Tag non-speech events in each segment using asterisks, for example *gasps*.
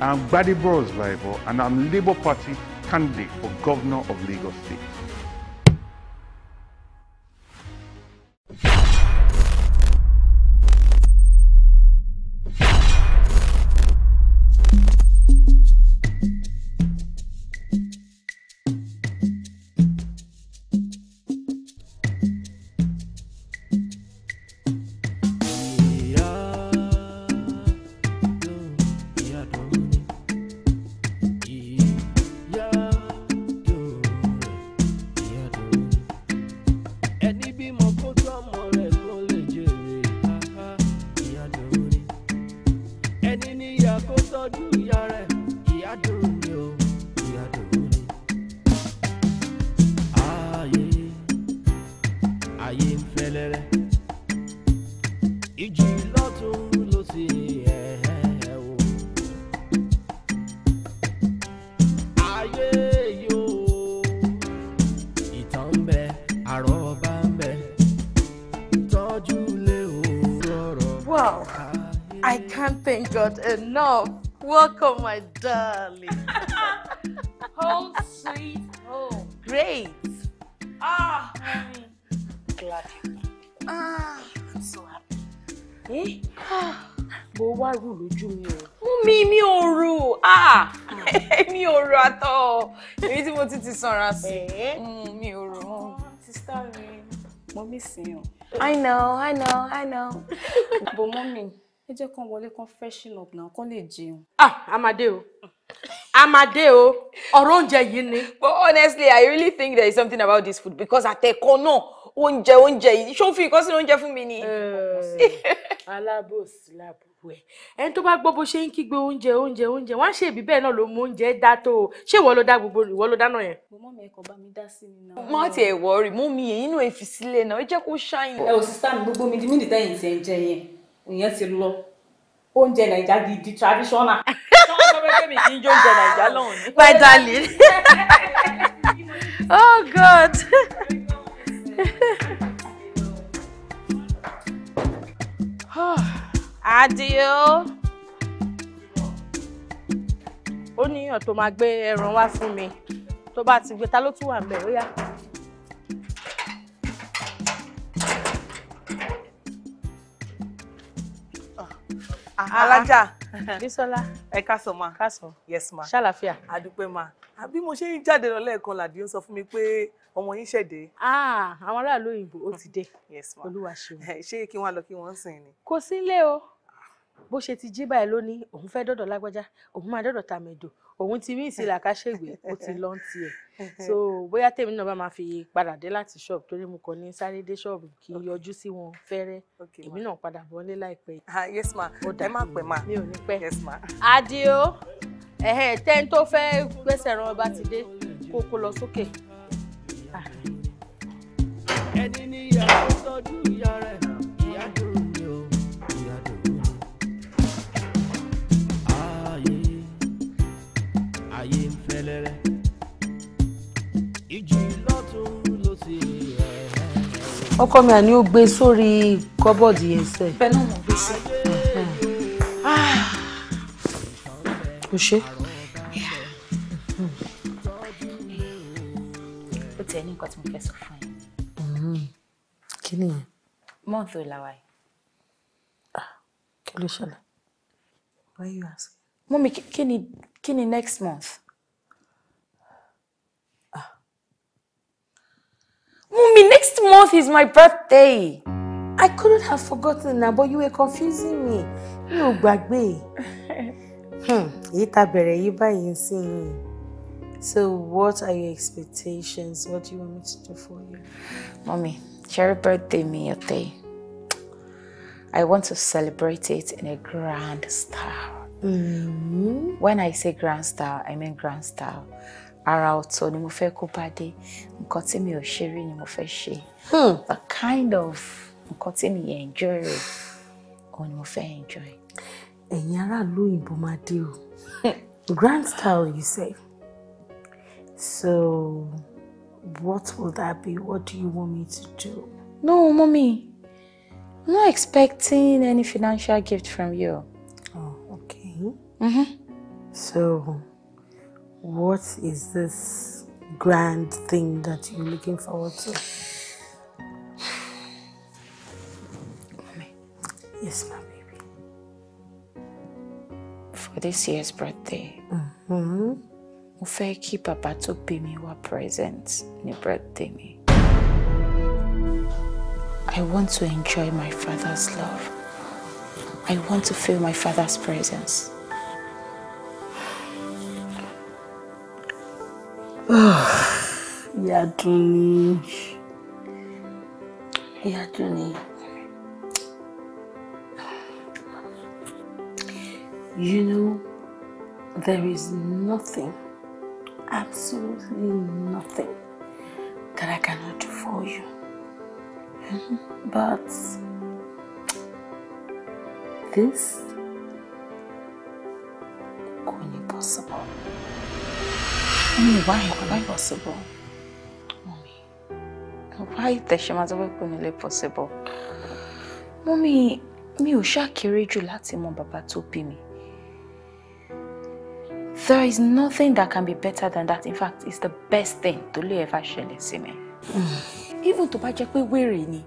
I'm Buddy Boros Bible, and I'm Labour Party candidate for Governor of Lagos State. èyí tí mo ti ti sanra sí mm, mi ò rò wọn. Ah, sísá mi mo mí sìn ọ. i know i know i know. bò mọ́ mi ẹ jẹ́ kán wọlé kán freshen up náà kán lè jẹun. ah amadé o amadé o ọ̀rọ̀ oúnjẹ yìí ni. but honestly i really think there is something about this food because àtẹ̀kọ́ náà oúnjẹ oúnjẹ yìí ṣó fi ìkọ́sí oúnjẹ fún mi ni. Eh, *laughs* alábòsí làbò gbogbo ẹ̀ ẹni tó bá gbọ́ bó ṣe ń kígbe oúnjẹ oúnjẹ oúnjẹ wọ́n á ṣe ìbí bẹ́ẹ̀ náà ló mú oúnjẹ dá tó o ṣé ìwọ ló dá gbogbo ìwọ ló dáná yẹn. mọ́ mi ẹ̀kọ́ bá mi dá sí mi náà. má tiẹ̀ wọ rí mú mi èyí náà fi sílẹ̀ náà ẹ jẹ́ kó ṣáìnì. ẹ ò sísá mi gbogbo mi di mílíọ̀tà yìí ti ń jẹ yẹn ìyẹn ti lọ oúnjẹ nàìjà gidi traditional. my darling *laughs* oh god. *laughs* Adio. Ó níyàn tó máa gbé ẹran wá fún mi. Tó bá ti gbé ta ló tún wà ńbẹ̀ ó yá. Ah, ah, Alájà. Ah. Bísọ́lá. Ẹ káàsán ma. Káàsán. Yes ma. Ṣàlàfíà. Àdúpẹ́ ma. Àbí mo ṣe ń jáde lọ lẹ́ẹ̀kan làdí ó sọ fún mi pé ọmọ yín ṣẹ̀dé. Àwọn aráàlú òyìnbó ó ti dé. Yes ma. Olúwa ṣeun. Ṣé kí wọ́n lọ kí wọ́n sìn ni? Kò sí ilé o bó ṣe ti jí báyìí ló òun fẹ́ dọ́dọ̀ lágbájá òun máa dọ́dọ̀ tàmẹ̀dò òun ti rí ìsìlẹ̀ àkáṣègbè ó ti lọ́ ń tiẹ̀ *laughs* so bóyá tèmi náà bá máa fi padà dé láti ṣọ́ọ̀bù torí mo kàn ní sáré dé ṣọ́ọ̀bù kí n yọjú sí wọn fẹ́rẹ́ èmi náà padà bọ́lé láìpẹ́ yìí. Ah, yes ma ẹ ò ní pẹ́. adio tẹ́ni tó fẹ́ gbẹ́sẹ̀ ran ọba ti dé kó kó lọ sókè. Ah. ẹni ní ìyá tó ìyá rẹ̀ ìyá dùn. ọkọ mi àní ó gbé sórí kọ́bọ̀dì yẹn sẹ́. bẹ́ẹ̀ náà mo gbé sí. kò ah. ṣe. ó tiẹ̀ ní nǹkan tí mo fẹ́ sọ fún yín. Mm-hmm. kí nìyẹn. mọ́ọ̀tì ò làwà yìí. Ah, kí ló ṣẹlẹ̀. why you ask. mọ́mi kí ni kí ni next month. Mummy, next month is my birthday. I couldn't have forgotten now, but you were confusing me. You ò Hmm. Èyí So what are your expectations? What do you want me to do for you? Mommy, cherry birthday your day. I want to celebrate it in a grand style. Mm -hmm. When I say grand style, I mean grand style. ara ọ̀tọ̀ ni mo fẹ́ kó bá dé nǹkan tí mi ò ṣe rí ni mo fẹ́ ṣe hmm. the kind of nǹkan tí mi yẹn enjoy rẹ̀ òun ni mo fẹ́ enjoy. ẹ̀yin aráàlú òyìnbó máa dé o grand style you say so what will that be what do you want me to do. no mummy i'm not expecting any financial gift from you. oh okay. Mm-hmm. so. what is this grand thing that you're looking forward to? Mommy. *sighs* Yes, my baby. For this year's birthday, mm-hmm. mo fẹ́ kí a tó bí mi present ní birthday me. I want to enjoy my father's love. I want to feel my father's presence. ìyá dùn ní ìyá You know, there is nothing, absolutely nothing that I cannot do for you. *laughs* But this could be possible. Mummy, why? Why possible? Mummy, why the wípé mi lè possible? Mummy, mi ò ṣàkéré jù láti mọ bàbá tó There is nothing that can be better than that. In fact, it's the best thing tó ever ṣẹlẹ̀ sí mi. Hmm. Even tó bá jẹ́ pé ni,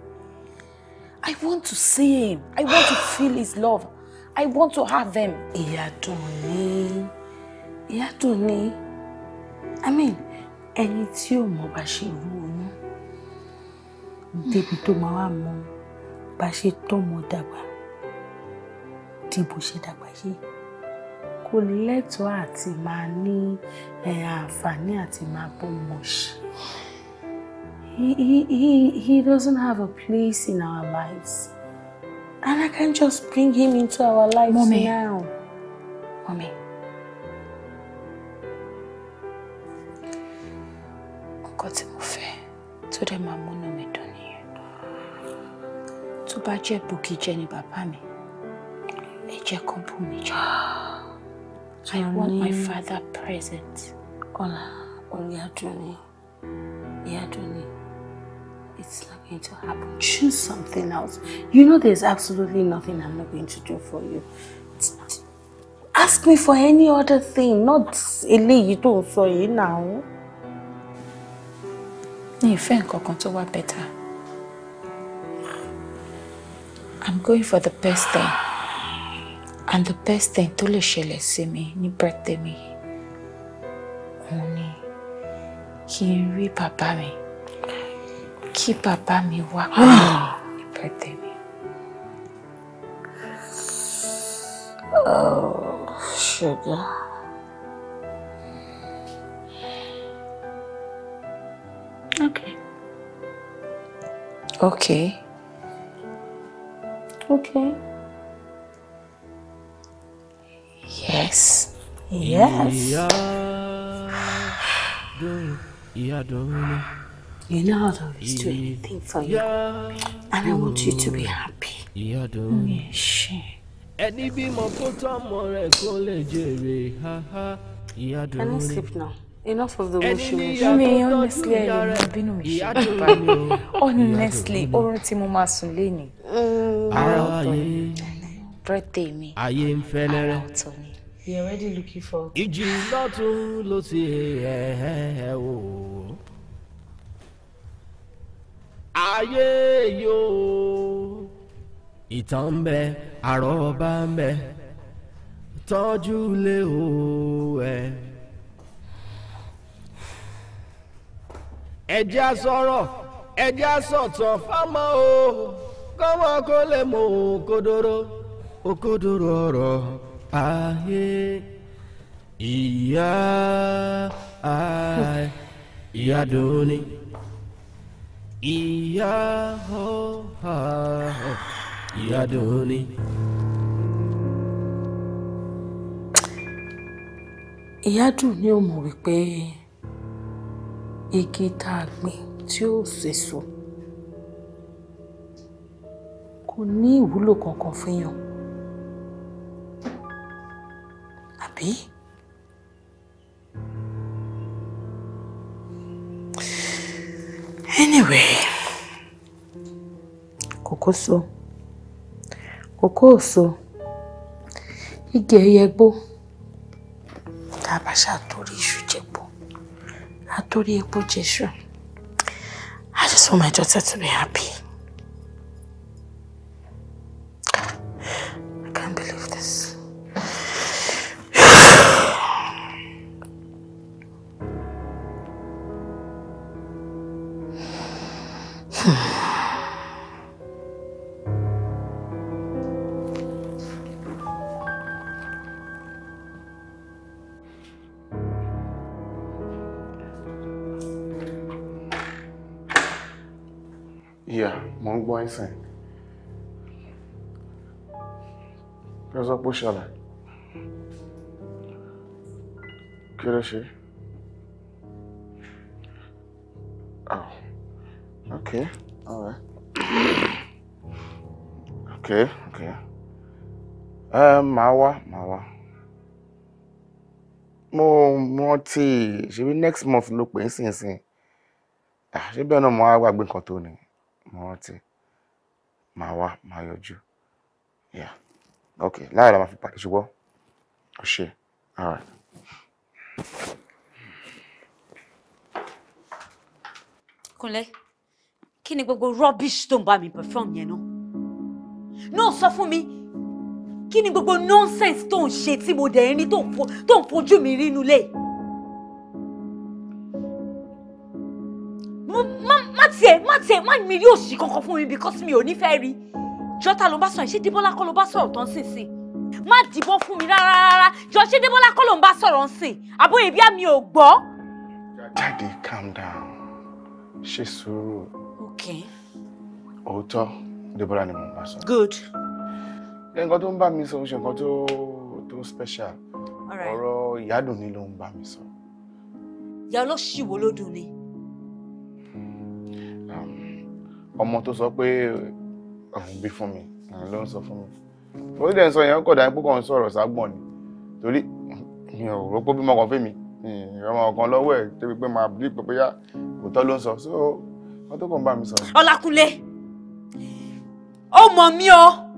I want to see him. I want to feel his love. I want to have him. Ìyá dùn ní. Ìyá dùn ní. I mean ẹni tí ò mọ̀ bá ṣe rú oyún débi tó máa wá mọ̀ bá ṣe tọ́mọ dàgbà di bó ṣe dàgbà yìí kò lẹ́tọ̀ọ́ àti máa ní àǹfààní àti máa bọ́mọ ṣe. He, he, he doesn't have a place in our lives. And I can just bring him into our lives Mommy. now. Mommy. nǹkan tí mo fẹ́ tó dẹ̀ máa múnú mi dùn nìyẹn tó bá jẹ́ Bùkí jẹ́ ni bàbá mi ẹ jẹ́ kó bù mí jọ I want my father present. ọ̀la orí adùn ni ìyá adùn It's not going to happen. Choose something else. You know there's absolutely nothing I'm not going to do for you. Ask me for any other thing, not eléyìí tó ń sọ yìí now ìfẹ́ nǹkan kan tó wà better i'm going for the best thing and the best thing tó lè ṣẹlẹ̀ sí mi ní birthday mi òun ni kí n rí bàbá mi kí bàbá mi wá pẹ̀lú ah. ní birthday mi. Oh, sugar. Okay. Okay. Okay. Yes. Yes. You know I'll always do anything for you. And I want you to be happy. Mm, yes. Ẹni bímọ kó tọ́ ọmọ rẹ̀ kó lè jèrè. Can I sleep now? Enough of the wishing. Me, honestly, I don't bínú mi ṣe Honestly, oorun tí mo máa sùn léni. Ara ọ̀tọ̀ ni. Birthday mi. Ayé ń fẹ́ lẹ́rẹ́. Ara ọ̀tọ̀ ni. You are already looking for. Ìjì lọ́tún ló ti ẹ̀ Ayé yóò. Ìtàn ń bẹ, àrọ́ọ̀bá ń bẹ, tọ́jú lé o ẹ̀. ẹ̀jẹ̀ asọ̀rọ̀ ẹ̀jẹ̀ asọ̀tàn fámọ́ o kọ́mọ kó lè mú òkodoro òkodoro ọ̀rọ̀ ayé ìyá ìyá dòní ìyá ìyá dòní. ìyá dùn ni ó mọ̀ wípé igi tá a gbìn tí ó sèso kò ní ìwúlò kankan fún yàn àbí anyway kòkó so kòkó òso igi ẹyẹ gbó tá a bá ṣàtòrí iṣu àtòrí epo Jésù. I just want my daughter to be happy. ẹ̀ sìn kí wọ́n sọ pé ó ṣẹlẹ̀ kí ló ṣe oh okay all right okay okay ẹ um, máa wá máa wá mo rántí next month look pè é sínsìn ah, ṣé bẹ́ẹ̀ náà mo wá gbàgbé nǹkan màá wá màá yọjú yeah okay láàárọ̀ máa fi pàdé ṣùgbọ́n ó ṣe all right. Kúnlé kí ni gbogbo rubbish tó ń bá mi perform yẹn náà náà sọ fún mi kí ni gbogbo nonsense tó ń ṣe tí mo dẹ̀ ń tó ń fojú mi rí nulẹ̀. má tiẹ̀ má mi rí òṣì kankan fún mi because mi ò ní fẹ́ rí jọ́tà ló bá sọ̀rọ̀ ṣé débọ́lá kọ́ ló bá sọ̀rọ̀ tán sìn sìn má dìbọn fún mi rárá rárá jọ ṣé débọ́lá kọ́ ló ń bá sọ̀rọ̀ sìn àbóyè bí àmì ò gbọ́. Daddy calm down ṣe sùúrù. okay. òótọ́ débọ́lá ni mo ń bá sọ. good. nǹkan tó ń bá mi sọ ń ṣe nǹkan tó tó special ọ̀rọ̀ ìyádùn ni ló ń bá mi sọ. ìyá ọlọ́ṣì ló dùn ni. ọmọ tó sọ pé òun bí fún mi òun ló ń sọ fún mi òun dẹ̀ ń sọ yẹn kọ̀dà púpọ̀ ń sọ̀rọ̀ ságbọ̀n ni torí mi ò rò pé bímọ kan fún mi ìrọmọ kan lọ́wọ́ ẹ̀ débi pé máa bí pé bóyá òótọ́ ló ń sọ so wọ́n tó kàn bá mi sọ. Ọlákúnlé ó mọ̀ mí o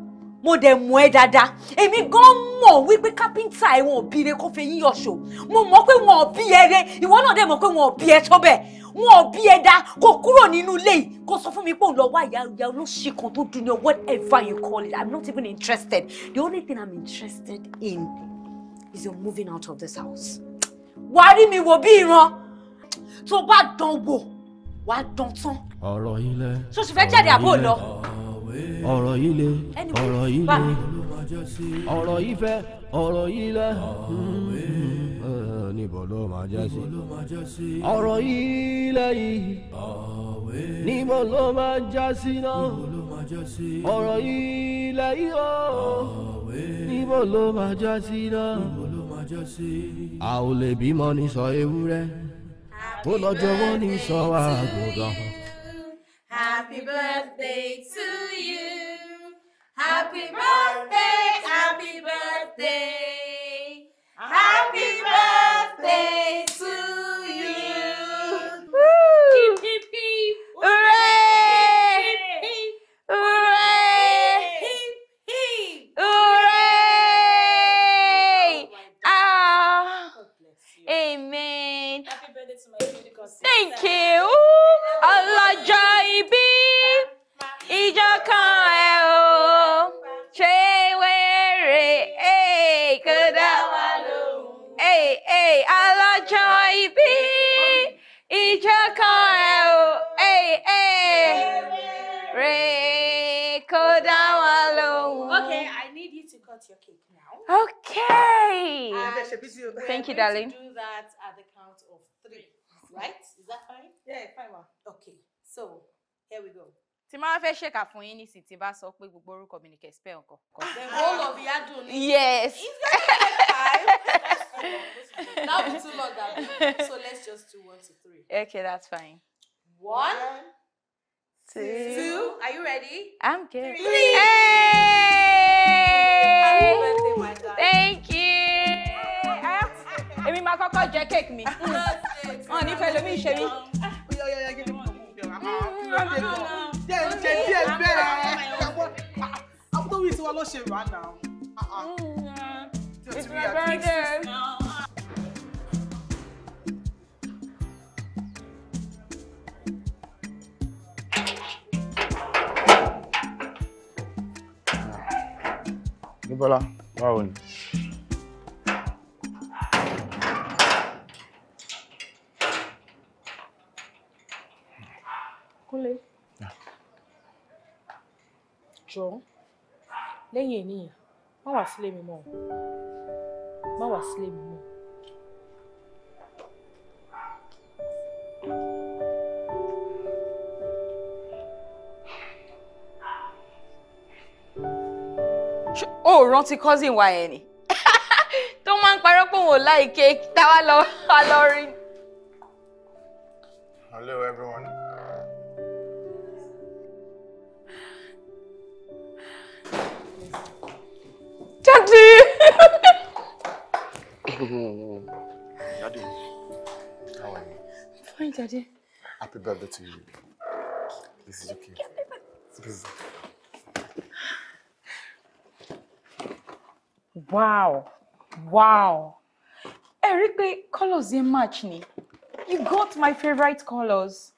mo dẹ̀ mọ̀ ẹ́ dáadáa èmi gan mọ̀ wípé kápẹ́ńtà ẹ̀ wọn ò bí ire kó fẹ́ yín yọ̀ṣọ́ mo mọ̀ pé wọn ò bí ẹ rẹ ìwọ náà dẹ̀ mọ̀ pé wọn ò bí ẹ tó bẹ́ẹ̀ wọn ò bí ẹ dá kó kúrò nínú ilé yìí kó sọ fún mi pé òun lọ wá ìyá ìyá olóṣì kan tó dun yàn whatever you call it i'm not even interested the only thing i'm interested in is your moving out of this house. wàá rí mi wò bí ìran tó bá dán wò wàá dán tán. ọ̀rọ̀ ilẹ̀ ọ̀rọ̀ ilẹ̀ ọ̀rọ̀ ọ̀rọ̀ yìí le ọ̀rọ̀ yìí le ọ̀rọ̀ yìí fẹ́ ọ̀rọ̀ yìí lẹ́ eh, níbo ló máa já sí ọ̀rọ̀ yìí lẹ́yìn níbo ló máa já sí náà ọ̀rọ̀ yìí lẹ́yìn o níbo ló máa já sí náà a ò lè bímọ ní sọ ewúrẹ́ ó lọ́jọ́ wọ́n ní sọ àgùntàn. Happy birthday to you. Happy birthday, happy birthday. Happy birthday ìjókòó ẹ o ẹ rè Okay, I need you to cut your cake now. Okay. And Thank you, darling. to Do that at the count of three, right? Is that fine? Yeah, fine ma. Okay, so here we go tí máa fẹ́ ṣèkà fún yín nísìnyí tí bá sọ pé gbogbo orúkọ mi ni kẹ̀sìpẹ́ ọkọ̀. the whole of yadun ni. yes. *laughs* that would be too long, Gabby. So let's just do one two, three. Okay, that's fine. One, two, two. Are you ready? I'm good. Three. three. Hey! Happy birthday, my darling. Thank you. Èmi máa kọ́kọ́ jẹ cake mi. Wọ́n ní fẹ́ lómi ìṣe mi. Jẹ́ jẹ́ díẹ̀ bẹ́ẹ̀ àpótí wa ló ṣe rà It's my birthday. Bọ́lá, báwo ni? Kúnlé. Ah. Jọ̀ọ́, lẹ́yìn ènìyàn, má wá sílé mi mọ́. Má wá sílé mi mọ́. ó rántí cousin wa yẹn ni *laughs* tó máa ń parọ́ pé òun ò láì kéèkì e, táwa lọ wá lọ rí. hello everyone. jáde. how are you? Fine, Daddy. Happy birthday to you. This is okay. This is your wow wow ẹ rí i pé colours yẹn match ni you got my favourite colours.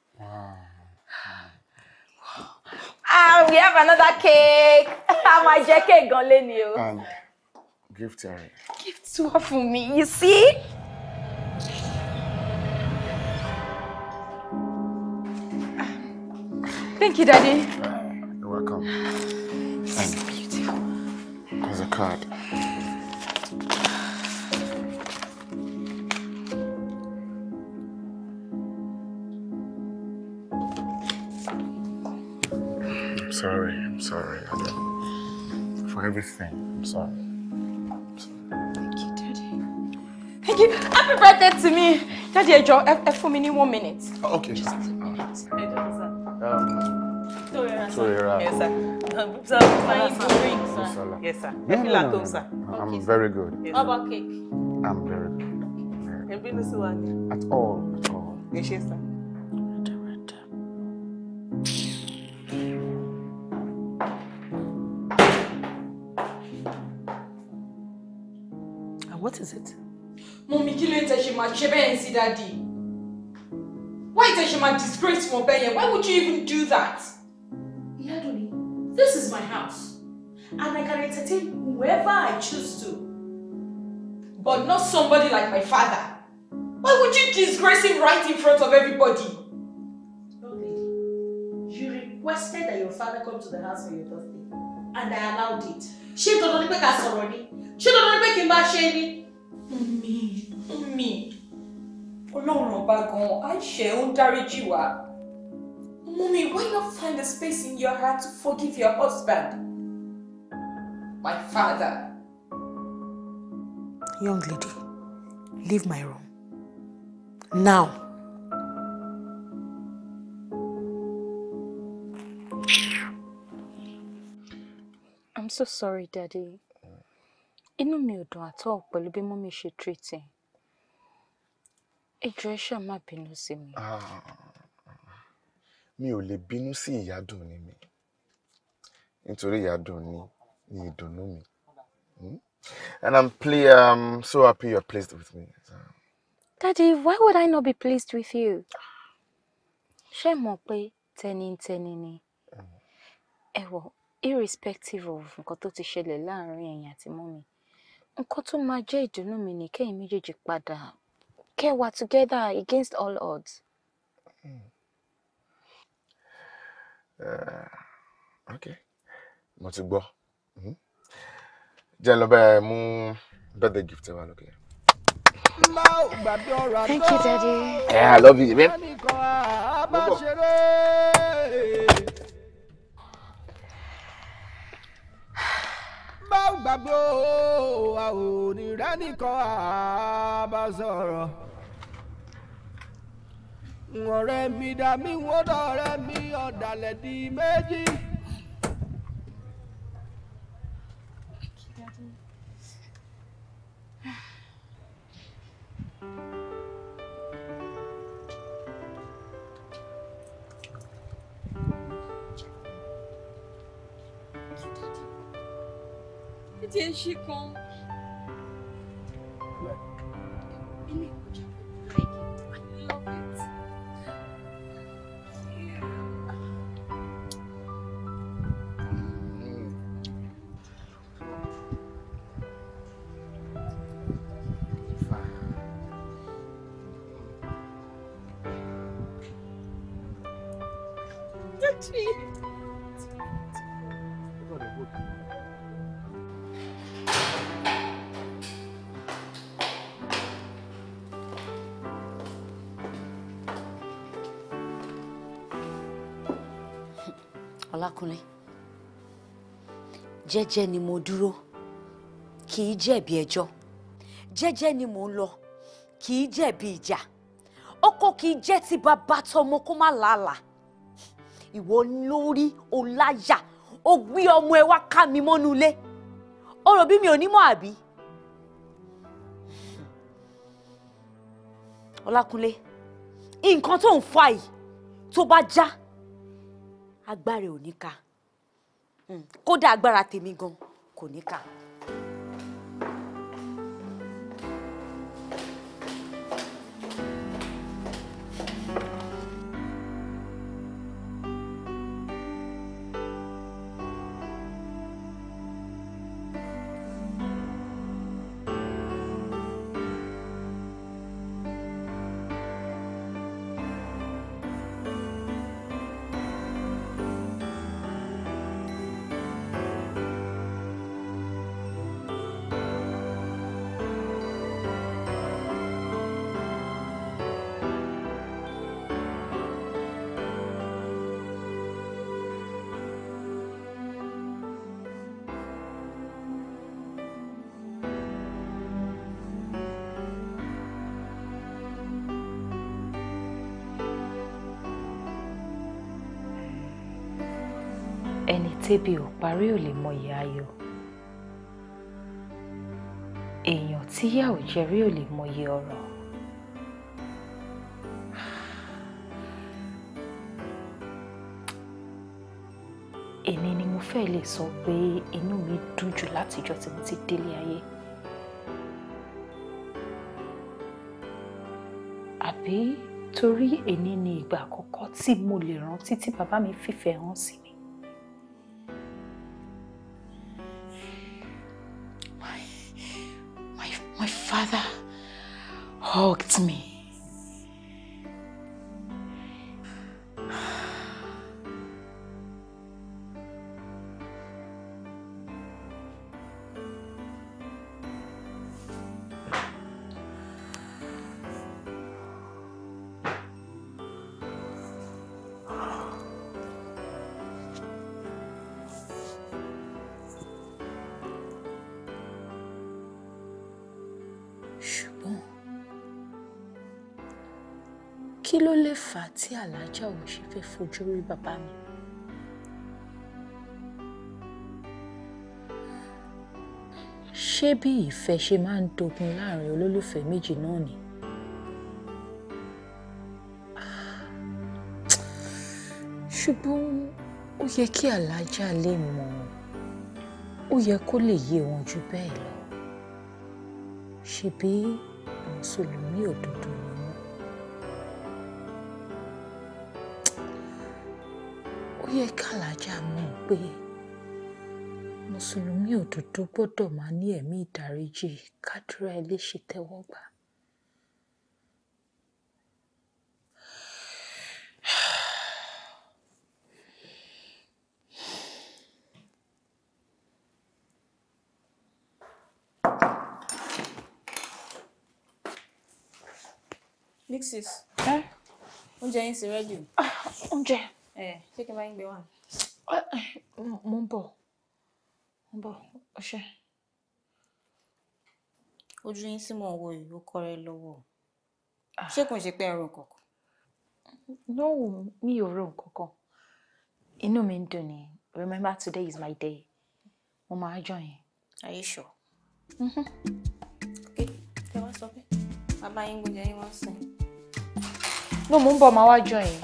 Ah, we have another cake. *laughs* A máa jẹ cake gan lé ni o. And gift Harry. Gift wá for me, you see? Thank you, Daddy. You're welcome. This is beautiful. There's a card. sorry. I'm sorry. I don't. For everything. I'm sorry. Thank you, Daddy. Thank you. Happy birthday to me. Daddy, ẹ jọ̀ọ́, ẹ fún mi ní one minute. Oh, okay. Just, ah. sir. Um, Toyera, sir. Toyera. Yes, sir. Um, sir, fine drink, sir. Yes, sir. Yeah, no, no, no. I'm okay, very good. Yes, How about cake? I'm very good. Everything is one. At all, at all. Yes, sir. is it? Mummy, kill ló tẹ́ ṣe máa ṣe daddy? Why tẹ́ ṣe máa disgrace wọn bẹ́ẹ̀ Why would you even do that? Yadoni, this is my house and I can entertain whoever I choose to. But not somebody like my father. Why would you disgrace him right in front of everybody? No lady, you requested that your father come to the house for your birthday and I allowed it. She don't ni pé ká sọ̀rọ̀ She don't dandan ni pé kí Mummy, mummy, ọlọ́run ọba gan-an, àìṣe ó ń dáríjì wá. Mummy, why not find a space in your heart to forgive your husband? My father. Young lady, leave my room. Now. I'm so sorry, Daddy inú mi ò dùn àtọ pẹ̀lú bí mọmi ṣe tírètì ẹ jọ̀ọ́ ẹ ṣáà má bínú sí mi. Ah, mi ò lè bínú sí ìyádùn ni mi nítorí ìyádùn ni ni ìdùnnú mi hmm? and i'm play, um, so happy you're pleased with me. So. Daddy, why would I not be pleased with you? Ṣé mọ̀ pé tẹnitẹni ni? Hmm. Ẹ wò, irrespective of nǹkan tó ti ṣẹlẹ̀ láàárín ẹ̀yin àti mọ́mi, nǹkan tó máa jẹ́ ìdùnnú mi ni kẹ́yìn méjèèjì padà kẹ́ wà together against all odds. Hmm. Eh, mo ti gbọ́ hmm. jẹ́ lọ bẹ́ẹ̀ mú birthday gift wa lókè. Thank you, Daddy. Yeah, I love you, man. bá gbàgbọ́ a ò ní rẹ́nìkan àbá sọ̀rọ̀ ọ̀rẹ́ mi dá mi wọ́n dọ̀rẹ́ mi ọ̀dàlẹ̀ di méjì. thank you tinha Chicon. jẹ́jẹ́ ni mo dúró kì í jẹ̀bi ẹjọ́ jẹ́jẹ́ ni mò ń lọ kì í jẹ̀bi ìjà ọkọ kì í jẹ́ ti bàbá tọmọ kó má làálàá ìwọ lórí ọláyà ó gbé ọmọ ẹ wá ká mi mọ́nú ilé ó rò bí mi ò ní mọ̀ àbí. ọlákúnlé nǹkan tó ń fa yìí tó bá já agbára ò ní ká kódà agbára tèmi gan kò ní kà. tẹ́bi ò parí ò lè mọyì ayọ̀ èèyàn tíyà ò jẹ rí ò lè mọyì ọrọ̀ èmi ni mo fẹ́ lè sọ pé inú mi dùn jù látijọ́ tí mo ti délé ayé àbí torí èmi ni ìgbà àkọ́kọ́ tí mo lè rántí tí bàbá mi fìfẹ́ hàn sí hugged me. tí aláàjà ò ṣe fẹ́ fojú rí bàbá mi. ṣé bí ìfẹ́ ṣe máa ń dogun láàrin olólùfẹ́ méjì náà ni. ṣùgbọ́n ó yẹ kí aláàjà lè mọ̀ ó yẹ kó lè yé wọn ju bẹ́ẹ̀ lọ ṣebí mùsùlùmí òdodo alájà mọ̀ pé mùsùlùmí òdodo gbọ́dọ̀ máa ní ẹ̀mí ìdáríjì kádúrà eléṣe tẹ́wọ́gbà. Mixes. Oúnjẹ yín ti rẹ́dì. Ah, oúnjẹ ṣé kí n bá yín gbé wà. mo ń bọ̀ mo ń bọ̀ ọṣẹ. ojú yín tí mò ń wo yìí ó kọ́ rẹ lọ́wọ́ ṣé kò ń ṣe pé ẹrù kankan. lọ́wọ́ mi ò rò kankan inú mi ń dùn ni remember today is my day mo máa join. are you sure. Mm-hmm. okay tẹ wá sọ bẹ́ẹ̀ bàbá yín gbọ́dọ̀ yín wá sìn. no mo ń bọ̀ máa wá join.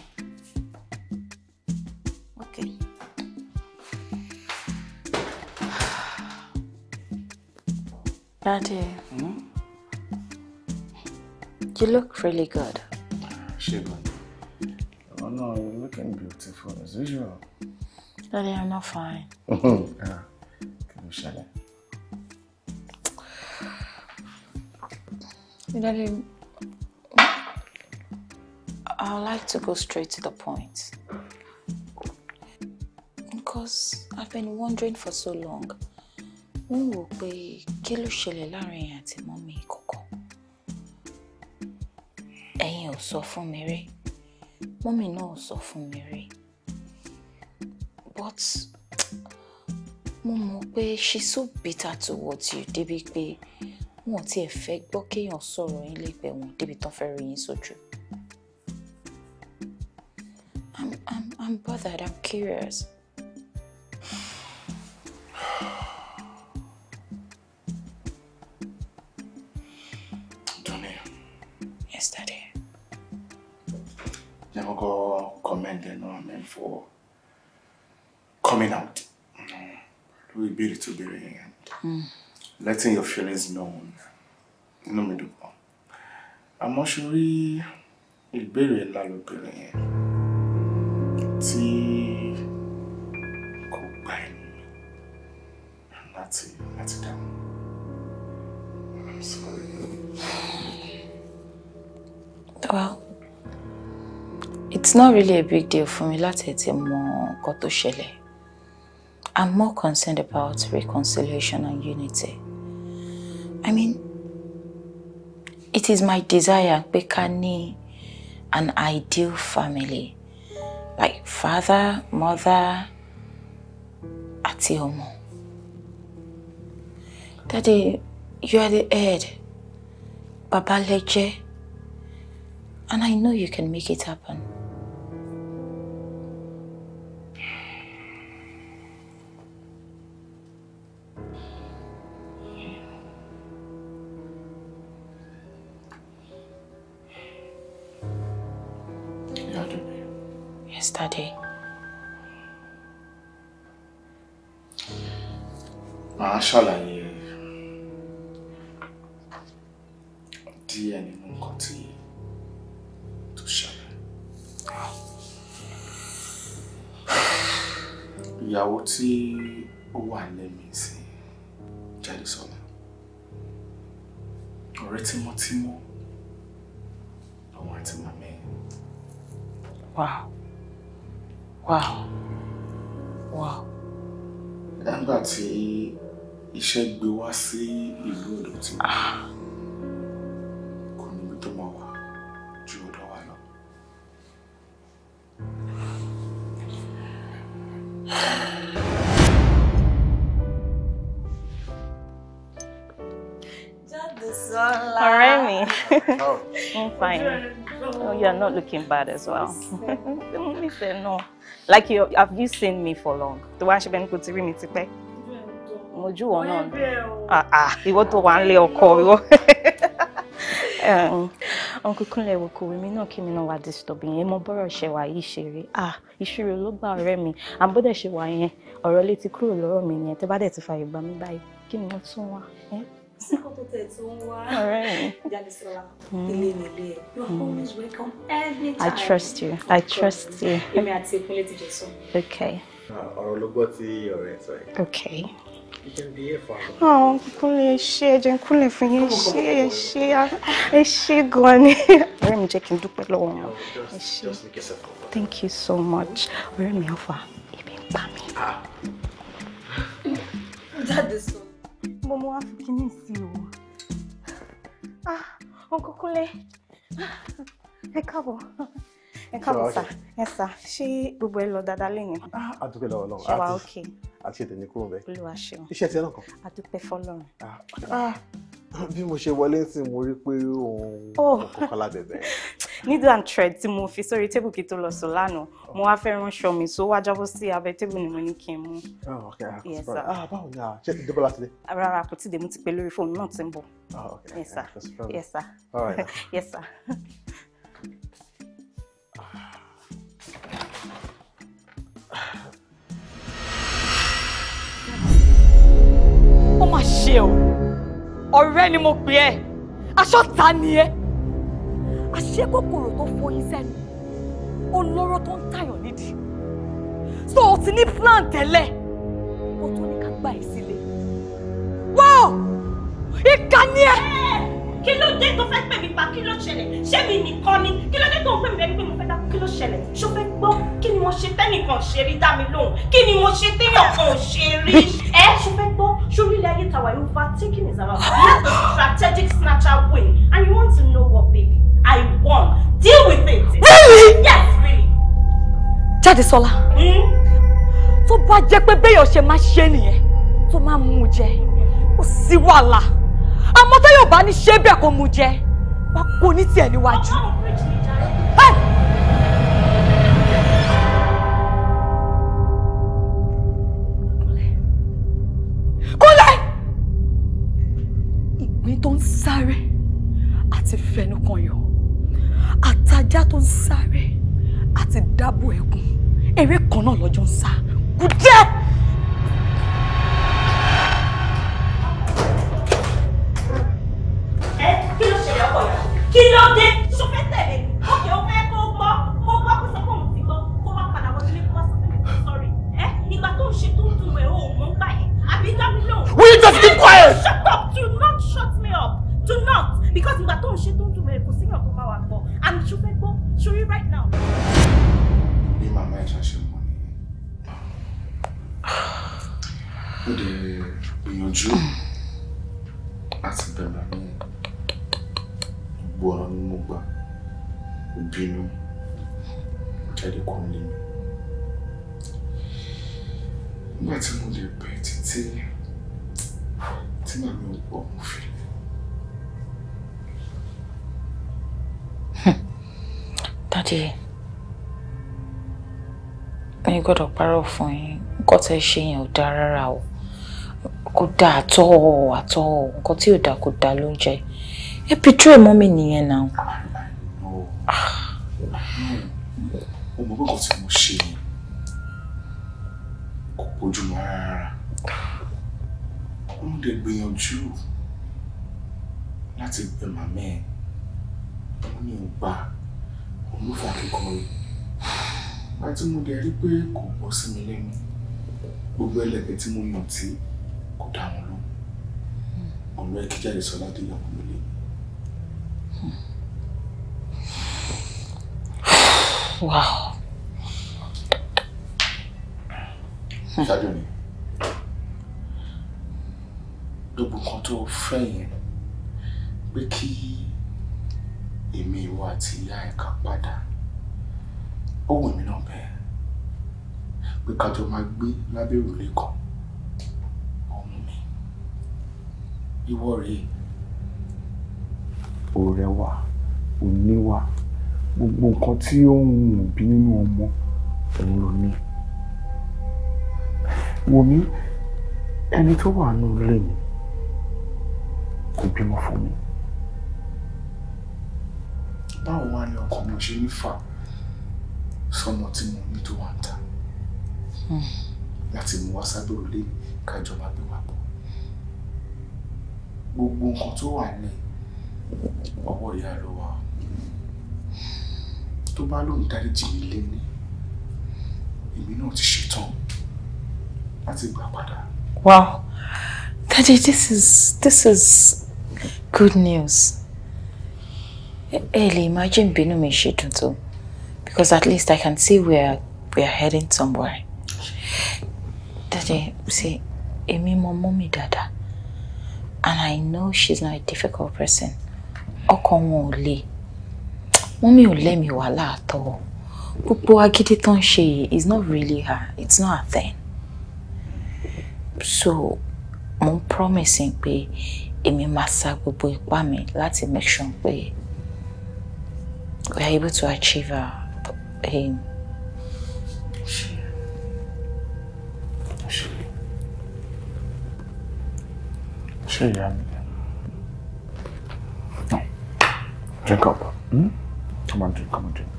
Daddy. Hmm? You look really good. Shigun. Oh no, you're looking beautiful as usual. Daddy, I'm not fine. Can *laughs* you ah, Daddy, I would like to go straight to the point. Because I've been wondering for so long. When will we kí ló ṣẹlẹ̀ láàrin ẹ̀yin àti mọ́mí kọ̀ọ̀kan ẹ̀yin ò sọ fún mi rí mọ́mí náà ò sọ fún mi rí but mo mọ̀ pé she's so bitter towards you débi pé wọn ò tiẹ̀ fẹ́ gbọ́ kéèyàn sọ̀rọ̀ yín lẹ́gbẹ̀ẹ́ wọn débi tán fẹ́ rí yín sójú. I'm, I'm, I'm bothered, I'm curious. coming out mm. lórí ìbéèrè tó béèrè yẹn mm. letting your feelings known inú mi dùn pọ̀ àmọ́ sórí ìbéèrè ńlá ló béèrè yẹn tí kò gba ẹnu mi láti láti dáhùn I'm sorry. Well, it's not really a big deal for me láti ẹ̀ ti mọ nǹkan tó I'm more concerned about reconciliation and unity. I mean, it is my desire Bekani, an ideal family like father, mother, àti ọmọ. Daddy, you are the head. Baba lẹ And I know you can make it happen. Saturday. Màá ṣàlàyé díẹ̀ nínú nǹkan tí tó ṣẹlẹ̀. Ìyàwó tí ó wà lẹ́mí sí Jádesọ́lá. Ọ̀rẹ́ tímọ́tímọ́, àwọn àti màmá Wow wow wow. nígbà tí iṣẹ́ gbé wá sí ìlú ọ̀dọ̀ tí ah. kò níbi tó máa wà ju ọ̀dọ̀ wa lọ. Ọ̀rẹ́ mi, oh. *laughs* I'm fine. Oh, you are not looking bad as well. Don't miss it, no like you have you seen me for long To wá ṣe bẹ́ẹ̀ ni kò ti rí mi tipẹ́ mojú wọn náà ah, ah, ìwọ tó wà ń lé ọkọ ìwọ um, uncle Kúnlé wo kò wèmí náà kí mi náà wà disturb yẹn mo bọ́rọ̀ ṣe wà yìí ṣe ah ìṣirò lo gba ọ̀rẹ́ mi àbọ̀dẹ̀ ṣe wà yẹn ọ̀rọ̀ létí kúrò lọ́rọ̀ mi yẹn tẹ́ bá dẹ̀ ti fààyè gbà mí báyìí kí ni mo tún wá. Eh? Mm. Mm. I trust you. I trust you. Okay. Ah, okay. Oh, Kúnlé ṣé ẹ jẹ́ Kúnlé fún yín ṣé ẹ gan ni. Ọ̀rẹ́ mi jẹ́ kí n dúpẹ́ lọ́wọ́ oh, Thank you so much. Ọ̀rẹ́ mi ọ̀fà, ebi pa mi. That is so níbo mo wá fi kíní sí o ah, uncle Kúnlé ah, ẹ káàbọ̀ ẹ káàbọ̀ sà ẹ sà ṣé gbogbo ẹ lọ dáadáa lẹ́yìn. Ah, àdúgbò lọ́wọ́ lọ́wọ́ ṣe wa ok àti ètò ní kúrò bẹ́ẹ̀ olúwa ṣeun iṣẹ́ ti ẹ náà kàn. àdúpẹ́ fọ́lọ́run. *laughs* bí mo ṣe wọlé sí mo rí pé òun kọ̀ọ̀kan oh. lábẹ́bẹ́. *laughs* needle and thread tí mo fi sórí tébù kí tó lọ sùn lánàá oh. mo wá fẹ́ ránṣọ mi tó wá jábọ́ sí abẹ́ tébù ni mo ní kí n mú. Oh, ah, ah. Ah, báwo ni a ṣe ti débọ́lá ti rárá kò tí dé mo ti pè lórí fóònù náà ti ń bọ̀. yes sir yes sir. *laughs* ọ̀rẹ́ ni mo pè ẹ́ aṣọ́ta ni ẹ́ àṣé kòkòrò tó foyín sẹ́nu olóró tó ń tàyàn nídìí so o ti ní plan tẹ́lẹ̀ o tún ní ká gbà ẹ́ sílé wọ́ọ̀ ìkà ni ẹ́. kí ló dé tó fẹ́ pè mí pa kí ló ṣẹlẹ̀ ṣé mi nìkan ni kí ló dé tó ń pè mí pé mo fẹ́ dákú kí ló ṣẹlẹ̀ ṣó fẹ́ gbọ́ kí ni mo ṣe tẹ́nìkan ṣe rí dá mi lóhùn kí ni mo ṣe téèyàn ṣe rí ẹ́ ṣó fẹ́ gbọ́. Surely Laye Tawa, you've overtaken his amount. That's the strategic snatcher win. And you want to know what, baby? I won. Deal with it. Really? Yes, really. Jadesola. Hmm? Tó bá jẹ́ pé béèyàn ṣe máa ṣe nìyẹn tó máa mú jẹ kò sí wàhálà àmọ́ tẹ́yọ̀ bá ní ṣé bẹ́ẹ̀ kó mú tó ń sáré àti fẹnukan yọ àtajá tó ń sáré àti dábò ẹkùn eré kan náà lọ́jọ́ ń sá kúdẹ́. gbọ́dọ̀ parọ́ fún yín nǹkan tẹ́ ṣe yẹn ò dáa rárá o kò dáa àtọ́ àtọ́ nǹkan tí ò dáa kò dáa ló ń jẹ ẹ pìtú ẹ̀ mọ́ mi nìyẹn náà. Ah. mo mọ gbọ́dọ̀ tí mo ṣe ni kò bójúmọ́ rárá ń dẹ̀ gbìyànjú láti gbẹ màmá ẹ̀ ó ní ọgbà òun rẹ̀ ìgbà tí mo dẹ̀ rí pé kò bọ́ sí mi lẹ́nu gbogbo ẹlẹ́gbẹ̀ẹ́ tí mo yàn tí kò dá wọn lóhùn ọ̀rọ̀ ẹ jáde sọ láti yọ kúrò lé. wow. ṣáájú ni gbogbo nǹkan tó fẹ́ yẹn pé kí èmi ìwọ àti ìyá ẹ̀ padà ó wù mí náà bẹ́ẹ̀ pé ká jọ máa gbé lábẹ́ òrùlé kan ọ̀hún mi ìwọ rèé o rẹwà o níwà gbogbo nǹkan tí ó ń wù bí nínú ọmọ òun ló ní wò mí ẹni tó wà nínú ilé mi kò bímọ fún mi. báwo wá ni ọkọ mi ò ṣe ní fà á sọmọ tí mo need to wà ń ta hmm. láti mú wá sábẹ́rò lé kájọ máa gbé wá pọ̀ gbogbo nǹkan tó wà ní ọwọ́ ìyá ló wà tó bá lóun dáríjì mi lé ní èmi náà ti ṣetán láti gbà padà. wow daddy this is this is good news ẹ imagine being mi ṣe dùn Because at least I can see we are we are heading somewhere. Daddy, see, Emi mọ mommy dada. And I know she's not a difficult person. Ọkàn wọn Mommy will let me àtọ̀. Gbogbo agídí tó ń ṣe is not really her. It's not a thing. So, I'm promising pé èmi máa sa gbogbo ipá mi láti make sure pé we are able to achieve her Um, ṣe ìyá mi lẹ. Drink up. Hmm? Come on, drink, come on, drink.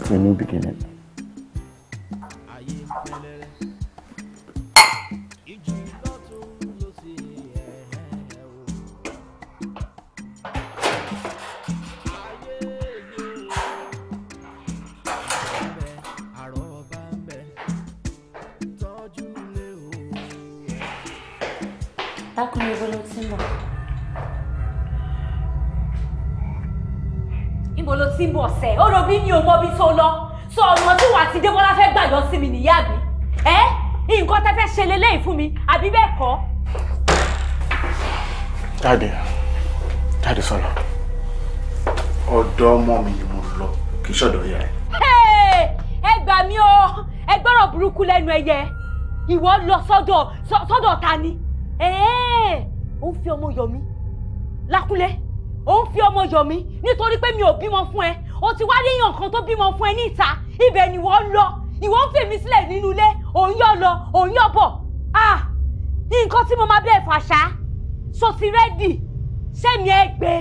It's a new beginning. sí mọ̀ ọ̀sẹ̀ ó rò bí mi ò mọ bí tó lọ sọ ọ̀nà tí wàá ti débọ́lá fẹ́ gbàjọ sí mi nìyá mi ẹ nǹkan tẹ́ fẹ́ ṣe leléyìí fún mi àbí bẹ́ẹ̀ kọ́. jáde jáde sọlọ ọ̀dọ̀ ọmọ mi ni mo lọ kì í ṣọ̀dọ̀ ìyá ẹ. ẹ gbà mí o ẹ gbọ́rọ̀ burúkú lẹ́nu ẹyẹ ìwọ lọ sọ́dọ̀ sọ́dọ̀ ta ni ó ń fi ọmọ yọ mí lákúlẹ̀ ò ń fi ọmọ yọ̀ mí nítorí pé mi ò bímọ fún ẹ o ti wá léèyàn kan tó bímọ fún ẹ ní ìta ibẹ̀ ni wọ́n lọ ìwọ ń fèmí sílẹ̀ nínú ilé òun yọ̀ lọ òun yọ̀ bọ̀ ah nǹkan tí mo máa bẹ́ẹ̀ fàṣà so ti rẹ́dì sẹ́mi ẹ gbé.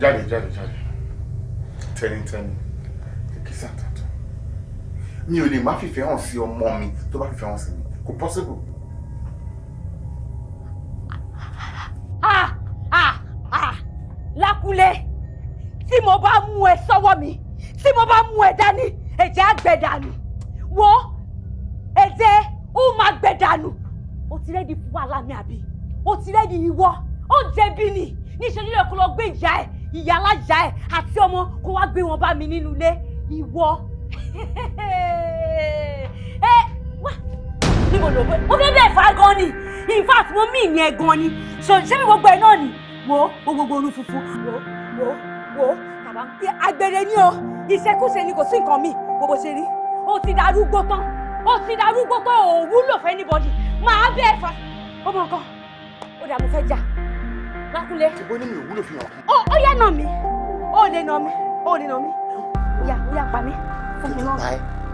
jáde jáde jáde tẹnitẹni kìkì sàtàtà mi ò lè má fìfẹ́ hàn sí ọmọ mi tó bá fìfẹ́ hàn sí mi kò possible. ah lákúlẹ̀ tí mo bá mú ẹ sọ́wọ́ mi tí mo bá mú ẹ dání ẹ̀jẹ̀ á gbẹ dànù wo ẹ̀jẹ̀ ó máa gbẹ dànù o ti rẹ́ẹ̀dì fún wàhálà mi àbí o ti rẹ́ẹ̀dì ìwọ ó jẹ̀bi ni níṣẹ́ nílẹ̀ kó lọ gbé ìyá ẹ̀ ìyá alájà ẹ̀ àti ọmọ kó wá gbé wọn bá mi nínú ilé ìwọ *laughs* ẹ wá níbo ló gbé o fẹ́ bẹ́ẹ̀ fa gan ni in fact mo mí ìyẹn gan ni ṣòṣèlú gbogbo ẹ̀ náà ni wo wo gbogbo olú funfun wo wo wo tàbá agbèrè ni o ìṣekúṣe ni kò sí nǹkan mi gbogbo ṣe rí o ti darúgbó tán o ti darúgbó tán o wúlò fẹ́ anybody máa bẹ́ ẹ fà ọmọ nǹkan ó dà mo fẹ́ jà lákúlẹ̀. ṣùgbọ́n ní mi ò wúlò fi hàn. ó ó yá nà mí ó lè nà mí ó lè nà mí ó yá ó yá pa mí fún mi lọ́rùn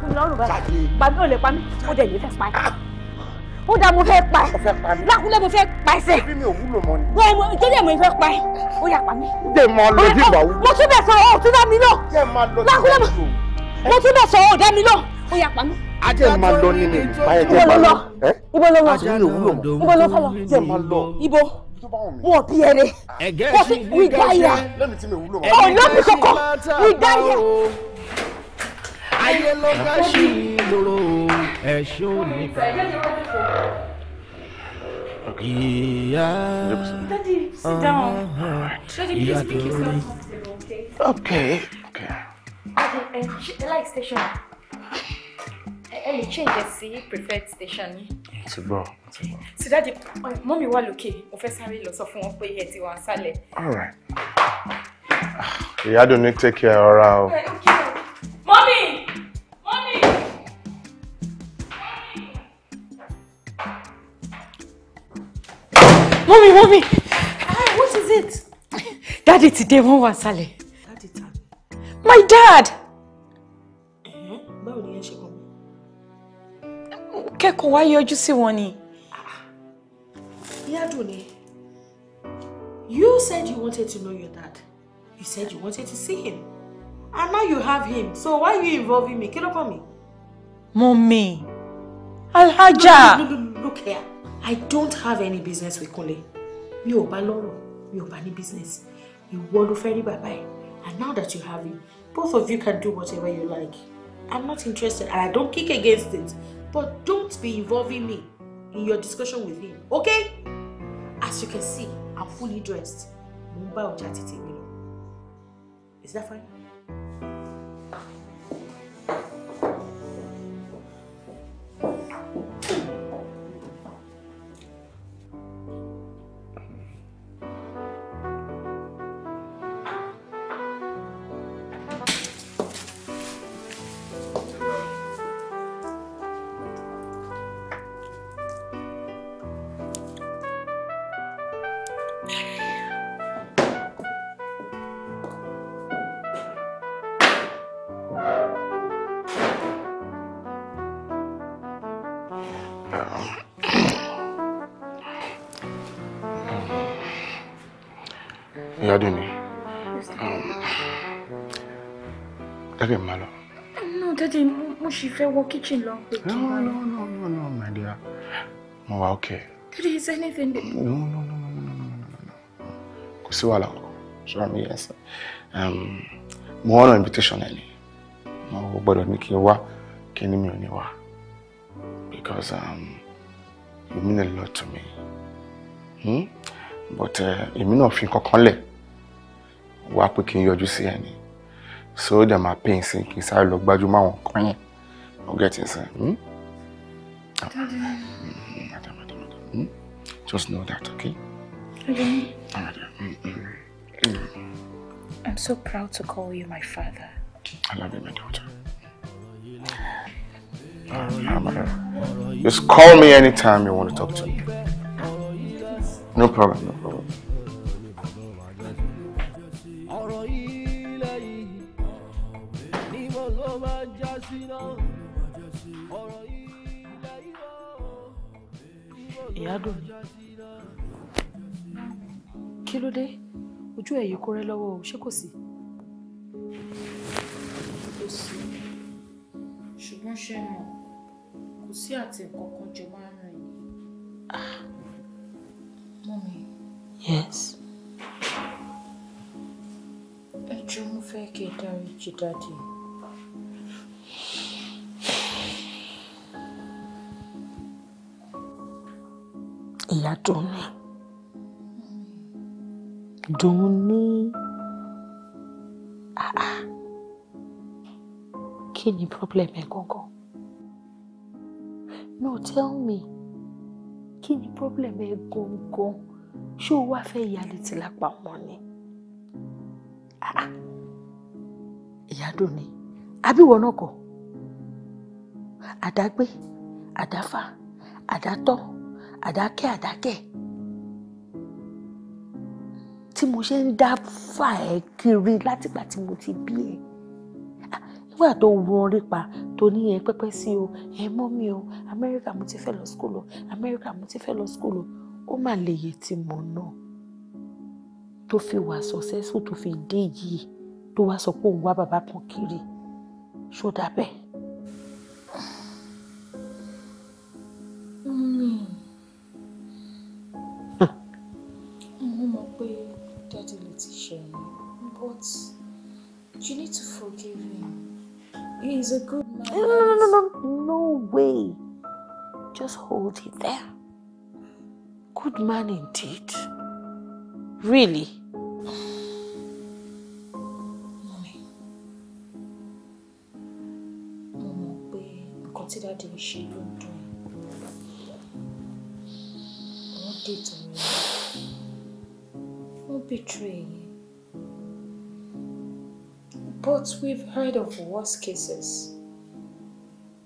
fún mi lọ́rùn báyìí pa mí ó lè pa mí ó dẹ̀ ní fẹ́ pa mí ó dá mo fẹ́ pa ẹ́ lákúlẹ̀ mo fẹ́ pa ẹ́ sẹ́. mi ò wúlò mọ́ ni. wọ́n tó dẹ̀ mo fẹ́ pa ẹ́ ó yà pa mí. dè mọ lọ bí ìgbà mo tún bẹ̀ sọ̀rọ̀ ó tún dá mi lọ. jẹ́ máa lọ sí ìlú. mo tún bẹ̀ sọ̀rọ̀ ó dá mi lọ ó yà pa mí. ajẹ́ máa lọ nínú ìpáyẹ̀ jẹ́ máa ibo ló lọ ibo ló fọlọ jẹ́ máa lọ. ibo wọn bí wọ́n sì wí dáyà ọ̀ lọ́bì kọ̀kọ̀ wí dáyà. ayé ló ṣì ń lòrò ẹ̀ṣọ́ níta. Ìyá ìyá tó rí. Okay, okay. Ẹ eh, like station. Ẹ eh, lè eh, change ẹ sí preferred station yìí. Ti gbọ́, ti gbọ́. So daddy, oh, mọ́mí wà lókè, mo fẹ́ sáré lọ sọ fún wọn pé ẹ ti wà sálẹ̀. All right. Ah, ìyá Dùnní take care ọ̀ra o. Mọ́mí! Mọ́mí! mọ́mí mọ́mí what is it? Daddy today dé wọ́n wà sálẹ̀. dáàdì my dad. Eh? báwo ni ẹ ṣe kàn mí. kẹ́kọ̀ọ́ wá yọjú sí wọn you said you wanted to know your dad you said you wanted to see him and now you have him so why are you involving me kí ló kàn me, mọ́mí alhaja. look, look, look, look here. I don't have any business with Kunle. Mi ò bá lọ́rọ̀, mi ò bá ní business. You ló fẹ́ rí bàbá ẹ̀. And now that you have him, both of you can do whatever you like. I'm not interested and I don't kick against it. But don't be involving me in your discussion with him, okay? As you can see, I'm fully dressed. Mo ń bá Is that fine? ṣì fẹ́ wọ kitchen lọ pé kí n bá lọ. no no no no my dear mo wà okay. please anything. no no no no no no kò sí wàhálà kankan ṣọlá mi yẹn sẹ um, mo wọ́n náà invitation ẹ̀ ni mo gbọ́dọ̀ ní kí n wá kí ni mi ò ní wá because um, you mean a lot to me hmm? but uh, èmi náà fi kankan lẹ̀ wá pé kí n yọjú sí ẹ ni so ó dẹ̀ pain pè é sí kí n sáré lọ gbájú máwọn kan yẹn I'll get inside. Hmm? Daddy. Mm, madam, madam, madam. Hmm? Just know that, okay? Okay. Ah, madam. Mm, mm, mm. I'm so proud to call you my father. I love you, my daughter. Um, just call me anytime you want to talk to me. No problem, no problem. ọ̀rọ̀ ilé ìyádùn ni kí ló dé ojú ẹ̀ yìí kórẹ́ lọ́wọ́ o ṣé kò sí. kò sí ṣùgbọ́n ṣe mọ̀ kò sí àti nǹkan kan jọ máa ń rìn. mọ́mi. yes. ẹ jọ̀ọ́ mo fẹ́ kí ẹ dáríjì dáadé. ìyá dunni. Ah, àá kí ni problem ẹ gangan no tell me kí ni problem ẹ gangan ṣé o wá fẹ́ ìyálé ti lápá wọn ni àá ìyá Dùnní àbí ìwọ náà kọ́ àdágbé àdáfà àdátọ́ àdákẹ́ àdákẹ́ tí mo ṣe ń dá fà ẹ́ kiri látìgbà tí mo ti bí ẹ nígbà ah, tó wọ́n rí pa tó ní ẹ pẹ́pẹ́ sí o ẹ mọ́ mi o amẹ́ríkà mo ti fẹ́ lọ skúlù amẹ́ríkà mo ti fẹ́ lọ skúlù ó mà lè yẹ ti mọ̀ náà tó fi wà successful tó fi dé yìí tó wá sọ pé òun wá bàbá kan kiri ṣó dábẹ́. You need to forgive him. He is a good man. No, no, no, no, no, way. Just hold it there. Good man indeed. Really. Mommy. Mo mọ̀ pé nǹkan tí dáadé ń ṣe ló ń Not betray. dé But we've heard of worse cases.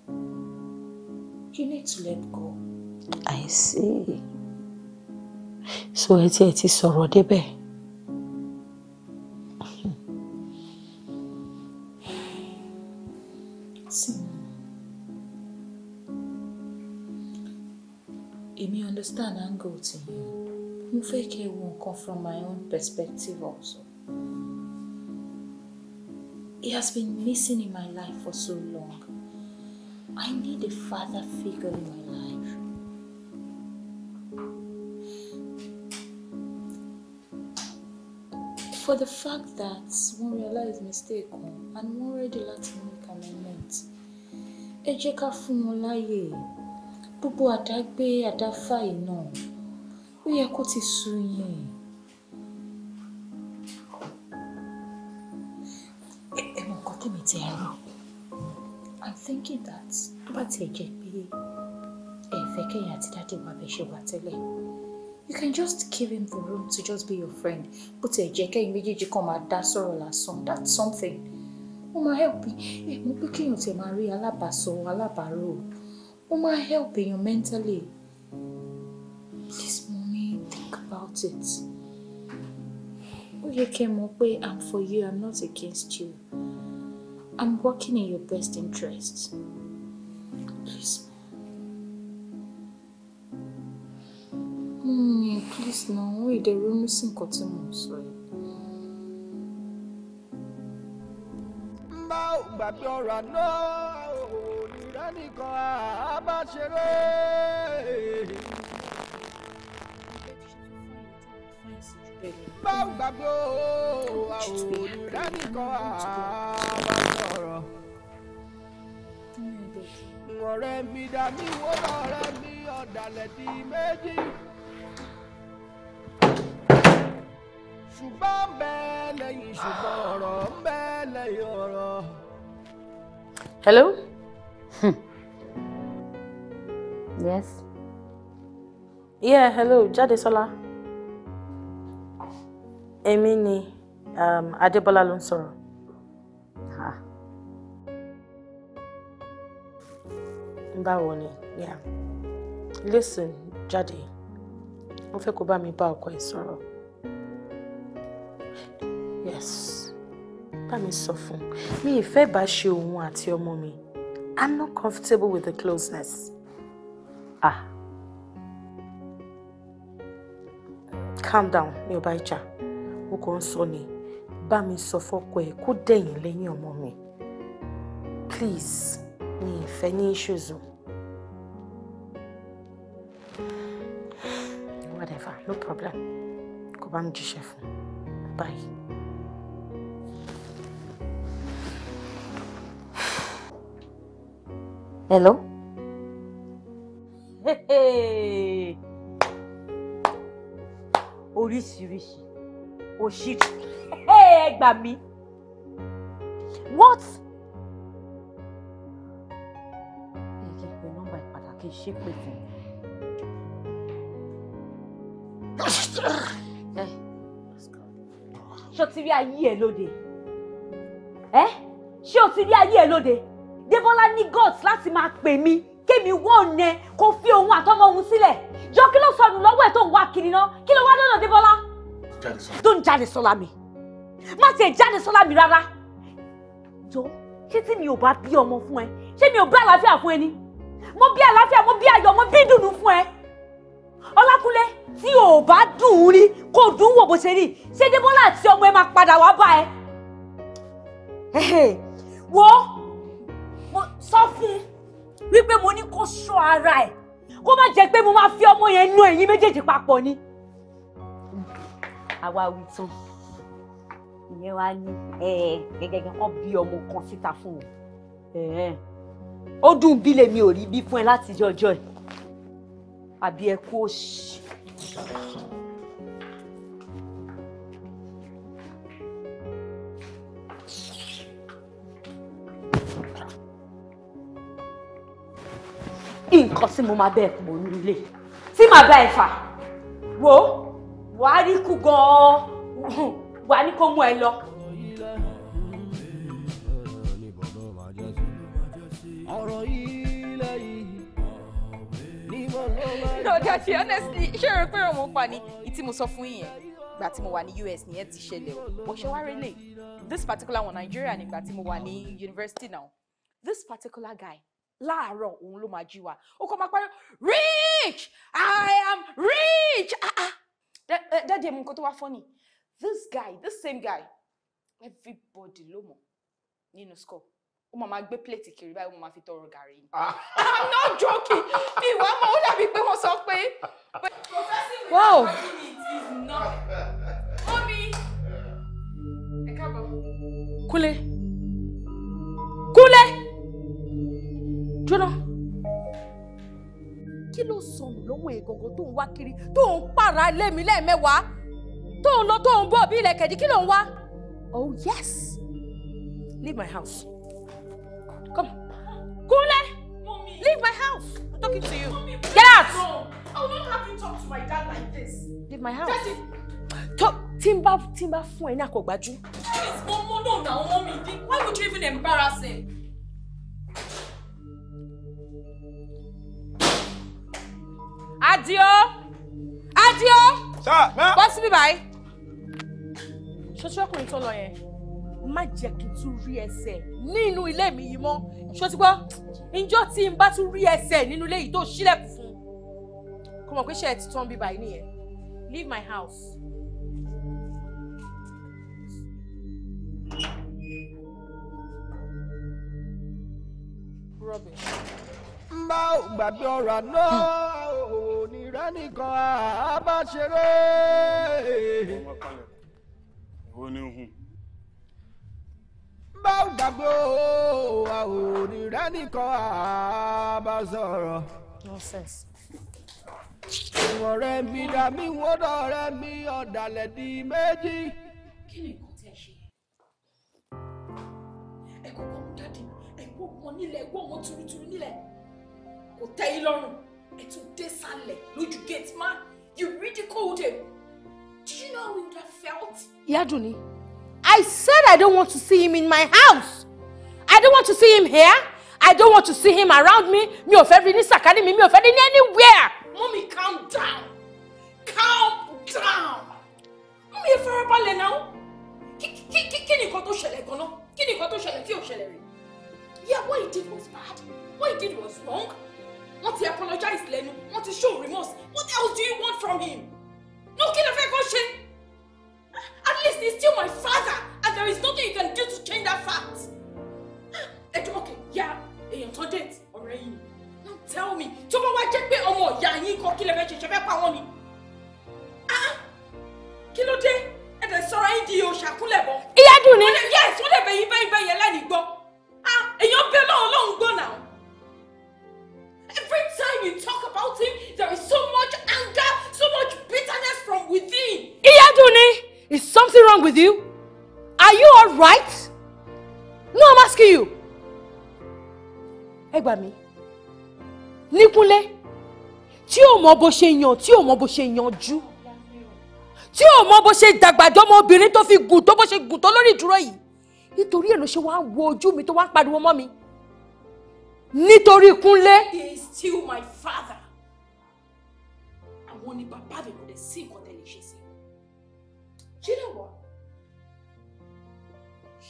You need to let go. I see. So ẹ ti ẹ ti sọ̀rọ̀ débẹ̀. Èmi understand angle ti yẹn. Mo fẹ́ kí ẹ wo nǹkan from my own perspective also. It has been missing in my life for so long. I need a father figure in my life. For the fact that wọ́n realize mistake wọn and wọ́n ready láti make amendment. Ẹ jẹ́ ká fún wọn láàyè. Gbogbo àdágbé tèmi ti ẹ̀rọ i'm thinking that tó bá tiẹ̀ jẹ́ pé ẹ̀fẹ́ kẹ́yìn àti dáàdì wa bẹ̀ ṣe wà tẹ́lẹ̀ you can just give him the room to just be your friend bó tiẹ̀ jẹ́ kẹ́yìn méjèèjì kan máa dá sọ̀rọ̀ lásán that's something ó máa help me. mú pé kéèyàn tiẹ̀ máa rí alábàásọ alábàárò ó máa help èèyàn mentally please mommy think about it ó yẹ kẹ́ mọ̀ pé i'm for you i'm not against you. I'm working in your best interests. Please, ma'am. Hmm, please, no, ìdè ronú sí nǹkan tí mò ń sọ yìí. ń bá gbàgbé ọ̀rọ̀ àná òrìrá nìkan á bá ṣeré. bá gbàgbé ọ̀rọ̀ àná òrìrá nìkan á. ọ̀rẹ́ mi dá mi wọ́rọ̀ ọ̀rẹ́ mi ọ̀dàlẹ̀ di méjì. ṣùgbọ́n bẹ́ẹ̀ lẹ́yìn ṣùgbọ́n ọ̀rọ̀ bẹ́ẹ̀ lẹ́yìn ọ̀rọ̀. hello. Hmm. yes. yeah hello Jadesola. èmi ni um, Adébọ́lá ló ń sọ̀rọ̀. báwo ni yeah listen jáde mo fẹ́ kó bá mi bá ọkọ ẹ̀ sọ̀rọ̀ yes bá mi sọ fún mi ìfẹ́ bá ṣe òun àti ọmọ mi i'm not comfortable with the closeness ah calm down mi ò bá jà mo kàn ń sọ ni bá mi sọ fọ́kọ ẹ̀ kó dẹ̀yìn lẹ́yìn ọmọ mi please mi ìfẹ́ ní issues no problem kò bá mi jíṣẹ́ fún bye. hello. oríṣiríṣi òṣìṣì ẹ gbà mí what. kì í pè nọ́mbà ìpadà kì í ṣépè fún mi. ṣé o ti rí ayé ẹ lóde ẹ ṣé o ti rí ayé ẹ lóde Débọ́lá ní gods láti máa pè mí kémi wọ́n nẹ kó fi òun àtọmọ òun sílẹ̀ jọ kí ló sọnù lọ́wọ́ ẹ̀ tó ń wá kiri náà kí ló wá lọ́dọ̀ Débọ́lá tó ń jáde sọ́lá mi má tiẹ̀ jáde sọ́lá mi rárá jọ ṣé tí mi ò bá bí ọmọ fún ẹ ṣé mi ò bí àlàáfíà fún ẹ ni mo bí àlàáfíà mo bí ayọ̀ mo bí ìdùnnú fún ẹ. Ọlákúnlé tí ò bá dùn ún rí kò dùn wò bó ṣe rí ṣé Débọ́lá àti ọmọ ẹ máa padà wá bá ẹ. wo mo sọ fún un wípé mo ní kó ṣọ́ ara ẹ̀ kó má jẹ́ pé mo máa fi ọmọ yẹn nu ẹ̀yin méjèèjì papọ̀ ni. àwa wí tán ìyẹn wá ní gẹ́gẹ́ kan bí ọmọ kan síta fún un ó dùn bí lèmi ò rí bí fún ẹ láti jọjọ́ ẹ̀ àbí ẹ kú òṣì. nǹkan tí mo máa bẹ́ẹ̀ pò nílé tí màá bá ẹ fà wò wàá rí kú gan-an wàá ní kó mú ẹ lọ. ọ̀rọ̀ yìí ìrọ̀jà ṣe honestly ṣé o rò pé òun pa ni ìtí mo sọ fún yìí yẹn ìgbà tí mo wà ní US nìyẹn ti ṣẹlẹ̀ o bó ṣe wá rélè this particular one Nigeria nígbà tí mo wà ní university now this particular guy láàárọ̀ òun ló máa jí wa ó kọ́ máa parí rich I am rich ah ah dáàdi ẹ̀mú nǹkan tó wá fọ́nì this guy this same guy everybody ló mọ̀ nínú school ó máa máa gbé pléètì kiri báyìí ó máa fi tọrọ gàrí ni. *laughs* Ah. i'm not joking ìwà ọmọ ó dàbí pé wọ́n sọ pé. *laughs* wow. omi ẹ káàbọ̀. kúnlẹ̀ kúnlẹ̀ jóná kí ló sọnù lọ́wọ́ ègògò tó ń wá kiri tó ń pààrà lẹ́mi lẹ́ẹ̀mẹ́wàá tó ń lọ tó ń bọ̀ bí ilẹ̀ kẹ̀dí kí ló ń wá. oh yes leave my house. Leave my house. I'm talking to you. Mommy, Get out! No. I will not have you talk to my dad like this. Leave my house. Daddy. Talk. Timba, Timba, fún ẹ ní àkọ́gbájú. Please, Momo, no, now, mommy. Why would you even embarrass him? Adio! Adio! Sir, ma. Bọ́ síbí báyìí. Ṣọ́ṣọ́ ọkùnrin tó lọ yẹn, má jẹ́ kí n tún rí ẹsẹ̀ mi yìí ṣó ti gbọ́ ǹjọ́ tí n bá tún rí ẹsẹ̀ nínú ilé yìí tó ṣílẹ̀kùn fún un kò mọ̀ pé ṣe ẹ ti tán bíbá yìí nìyẹn leave my house. rubbish. Mbá gbàgbé ọ̀rọ̀ àná òníra nìkan àá Ìwọ ni hun bá ò dàgbò a ò ní rẹ́nìkan àbá sọ̀rọ̀. nonsense. ìwọ̀n rẹ̀ mi dà mí wọ́n dọ̀ rẹ̀ mi ọ̀dàlẹ̀ di méjì. kí ni nǹkan tí ẹ ṣe ẹ kò kọ́ mú dáàdì ẹ gbó wọn nílẹ̀ ẹ gbó wọn túrútúrú nílẹ̀ kò tẹ́ yín lọ́rùn ẹ tún dé sálẹ̀ lójú gate man you ridiculed him Did you know how you would have felt. ìyá dùn ni. I said I don't want to see him in my house. I don't want to see him here. I don't want to see him around me. Me ò every rí academy. Me mi, mi anywhere. Mummy, calm down. Calm down. Mummy, ẹ farabalẹ̀ náà. Kí ni nǹkan tó ṣẹlẹ̀ gan-an? Kí ni nǹkan tó ṣẹlẹ̀ Yeah, what he did was bad. What he did was wrong. Wọ́n ti apologize lẹ́nu. Wọ́n ti show remorse. What else do you want from him? No, kí ló fẹ́ At least he's still my father, and there is nothing you can do to change that fact. *gasps* okay, yeah, èèyàn tó date already. Now tell me, tó bá wá jẹ́ pé ọmọ ìyá yín kan kí lè fẹ́ ṣe ṣe fẹ́ pa wọ́n ni? Ah, ah, kí ló dé? Ẹ tẹ̀ sọ̀rọ̀ yín di òṣàkúnlẹ̀ bọ̀. Ìyá dùn ni. Yes, wọ́n lè bẹ̀yìn bẹ́yìn bẹ́yìn lẹ́nu gbọ́. Ah, èèyàn bẹ lọ́hùn lọ́hùn gbọ́ náà. Every time you talk about him, there is so much anger, so much bitterness from within. Ìyá dùn ni. Is something wrong with you? Are you all right? No, I'm asking you. Ẹ gbà mí. Níkúnlé tí ò mọ bó ṣe yàn tí ò mọ bó ṣe yanjú tí ò mọ bó ṣe dàgbàjọ ọmọbìnrin tó fi gùn tó bó ṣe gùn tó lórí ìdúró yìí nítorí ẹ̀ ló ṣe wá wo ojú mi tó wá pariwo mọ́ mi nítorí Kúnlé. He is still my father. Àwọn ni bàbá mi kò lè sí nǹkan you know what?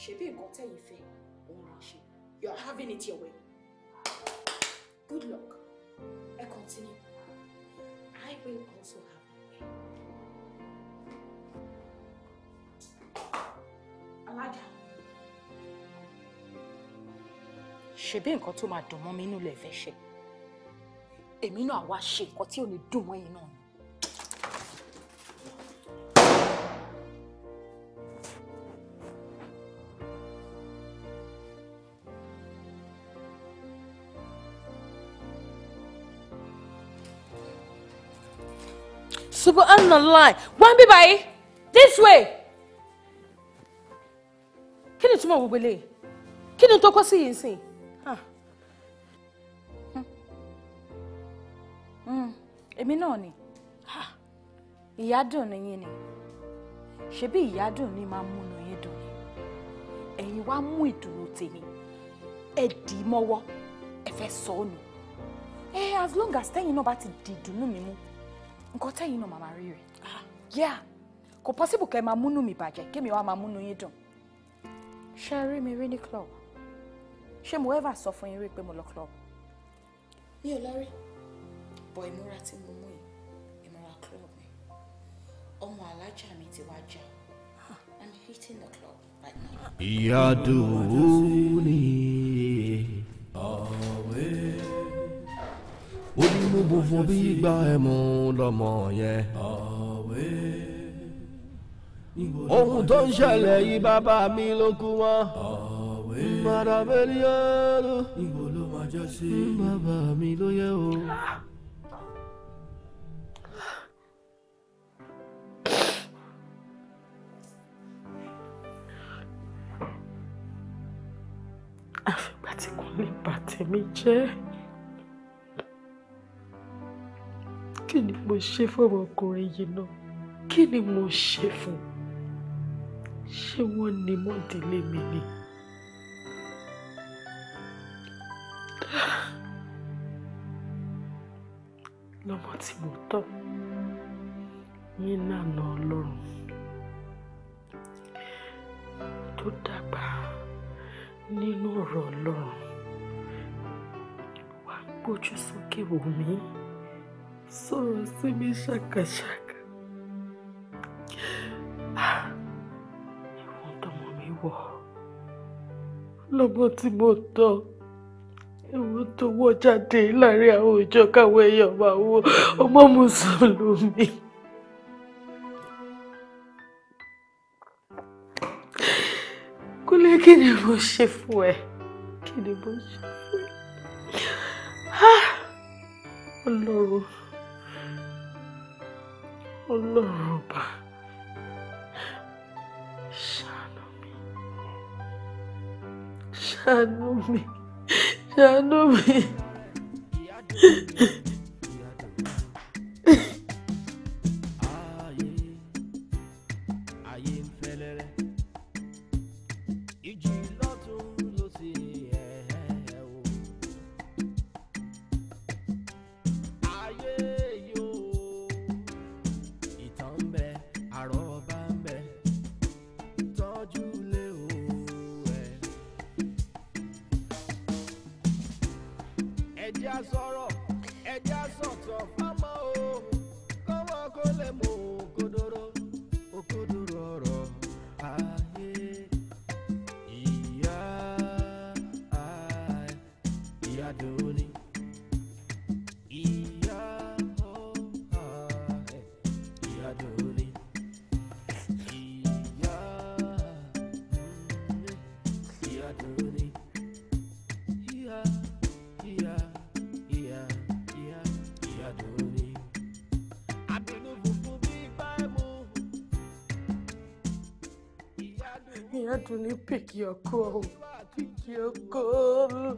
Ṣebí nǹkan tẹ́yin fẹ́ òun là ń having it your way. Good luck. I continue. I will also have my way. Elijah. Ṣebí nǹkan tó máa dùn mọ́ mi inú lẹ̀ fẹ́ ṣe. Èmi náà wá ṣe nǹkan tí ò ní dùn ni. Go subhanallah wọ́n bí báyìí this way kí ni túmọ̀ gbogbo Can you talk tó kọ́ sí yìí sìn. èmi náà ni ìyádùn nìyí ni ṣebí ìyádùn ni máa múnú yín dùn ni ẹ̀yin wá mú ìdùnnú tèmi ẹ dì í mọ́wọ́ ẹ fẹ́ sọ ọ́ nù Eh, as long as ten you bá ti di ìdùnnú mi mú nǹkan tẹ́yìn náà màmá rí rẹ̀ yá kò possible kẹ́ ẹ máa múnú mi bàjẹ́ kémi wá máa múnú yín dùn ṣé ẹ rí mi rí ní club ṣé mo ever sọ fún yín rí pé mo lọ club. mi ò lọ rí bọ ìmúra tí mo mú yìí ìmúra club mi ọmọ alájà mi ti wá jà i'm hitting the club right now. ìyá dùn ún ní ọ̀wẹ́ onímú funfun bí gbà ẹ̀mú lọ́mọ yẹn. ohun tó ń ṣẹlẹ̀ yìí bàbá mi ló kú wọn. màdàbẹ́lì ọ̀rọ̀ bàbá mi ló yẹ o. àfìgbà tí kò lè bà tèmi jẹ́. kí ni mo ṣe fọmọkùnrin yìí náà kí ni mo ṣe fún ṣé wọ́n ní mọdìlé mi ni. lọ́mọ tí mo tọ́ nílànà ọlọ́run tó dàgbà nínú ọ̀rọ̀ ọlọ́run wàá gbójú sókè wò mí sọ̀rọ̀ sí mi ṣàkàṣàkà. ìwọ̀n tọmọ mi wọ̀ lọ́mọ tí mo tọ́ ẹ̀wọ̀n tó wọ́ jáde láàrin àwọn òjò káwọn èèyàn máa wo ọmọ mùsùlùmí. Kúnlé kí ni mo ṣe fún ẹ? Kí ni mo ṣe fún ẹ? Ọlọ́run ọlọ́run ọba ṣàánú mi ṣàánú mi ṣàánú mi. When you pick your call. Pick your call.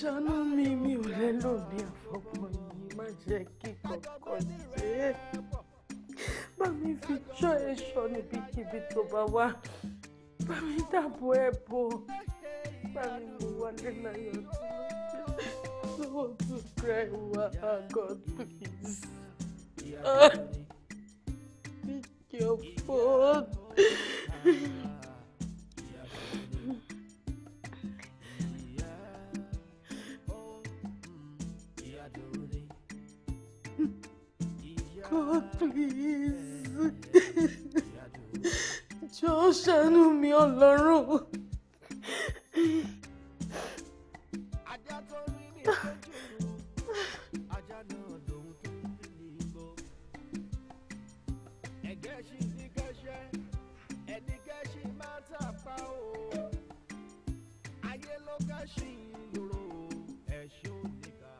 ṣàánú mi mi ò lẹ́lò ní àfọ́pọ̀ yìí má jẹ́ kí kọ̀ọ̀kan jẹ́ bá mi fi jọ ẹ̀ṣọ́ níbikíbi tó bá wà bá mi dáàbò ẹ̀ bò bá mi mú wálé láyọ̀ tó lọ́jọ́ want to cry. Oh, God, please. Uh, pick your phone. God, please. jọ̀ọ́ ṣàánú mi Ọlọ́run. kẹ́sìn lóró ẹ̀ṣin oníkà.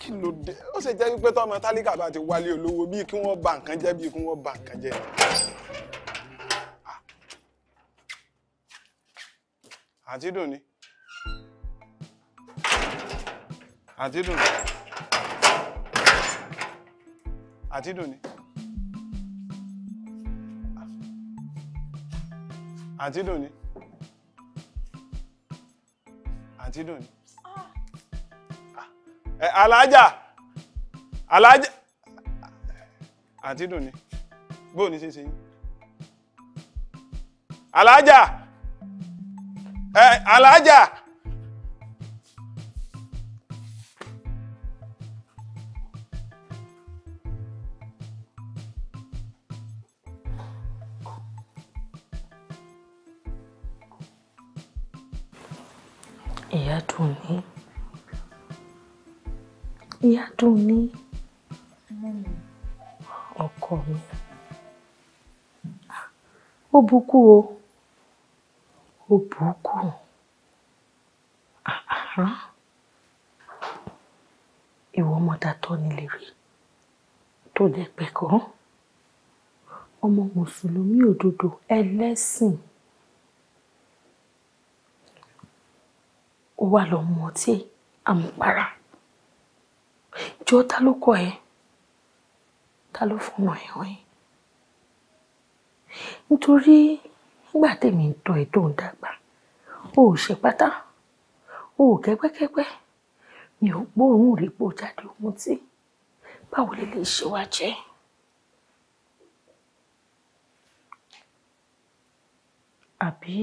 kí ló dé ó ṣe jẹ́ wípé tọ́mọ tálíkà bá ti wálé olówó bíi kí wọ́n bà nǹkan jẹ́ bíi kí wọ́n bà nǹkan jẹ́. Ah. àti dùn ni àti dùn ni àti dùn ni. àǹtí dùn ni àǹtí dùn ni ah. eh, alájà alájà àǹtí dùn ni bóò ní ṣíṣe yín alájà eh, alájà. dùn ní ọkọ mi ó bukú o ó bukú ìwọ ọmọ ta tọ́ nílé rí tó dẹ̀ pẹ̀kọ́ ọmọ mùsùlùmí òdodo ẹlẹ́sìn ó wà lọ́mọ tí àmupara jọ ta ló kọ ẹ ta ló fọmọ ẹ hàn ẹ nítorí nígbà tèmi ń tọ́ ẹ tó ń dàgbà o ò ṣe pátá o ò kẹ́gbẹ́kẹ́gbẹ́ mi ò gbóòórùn rẹ̀ pò jáde ohun tí báwo lè lè ṣe wá jẹ́. àbí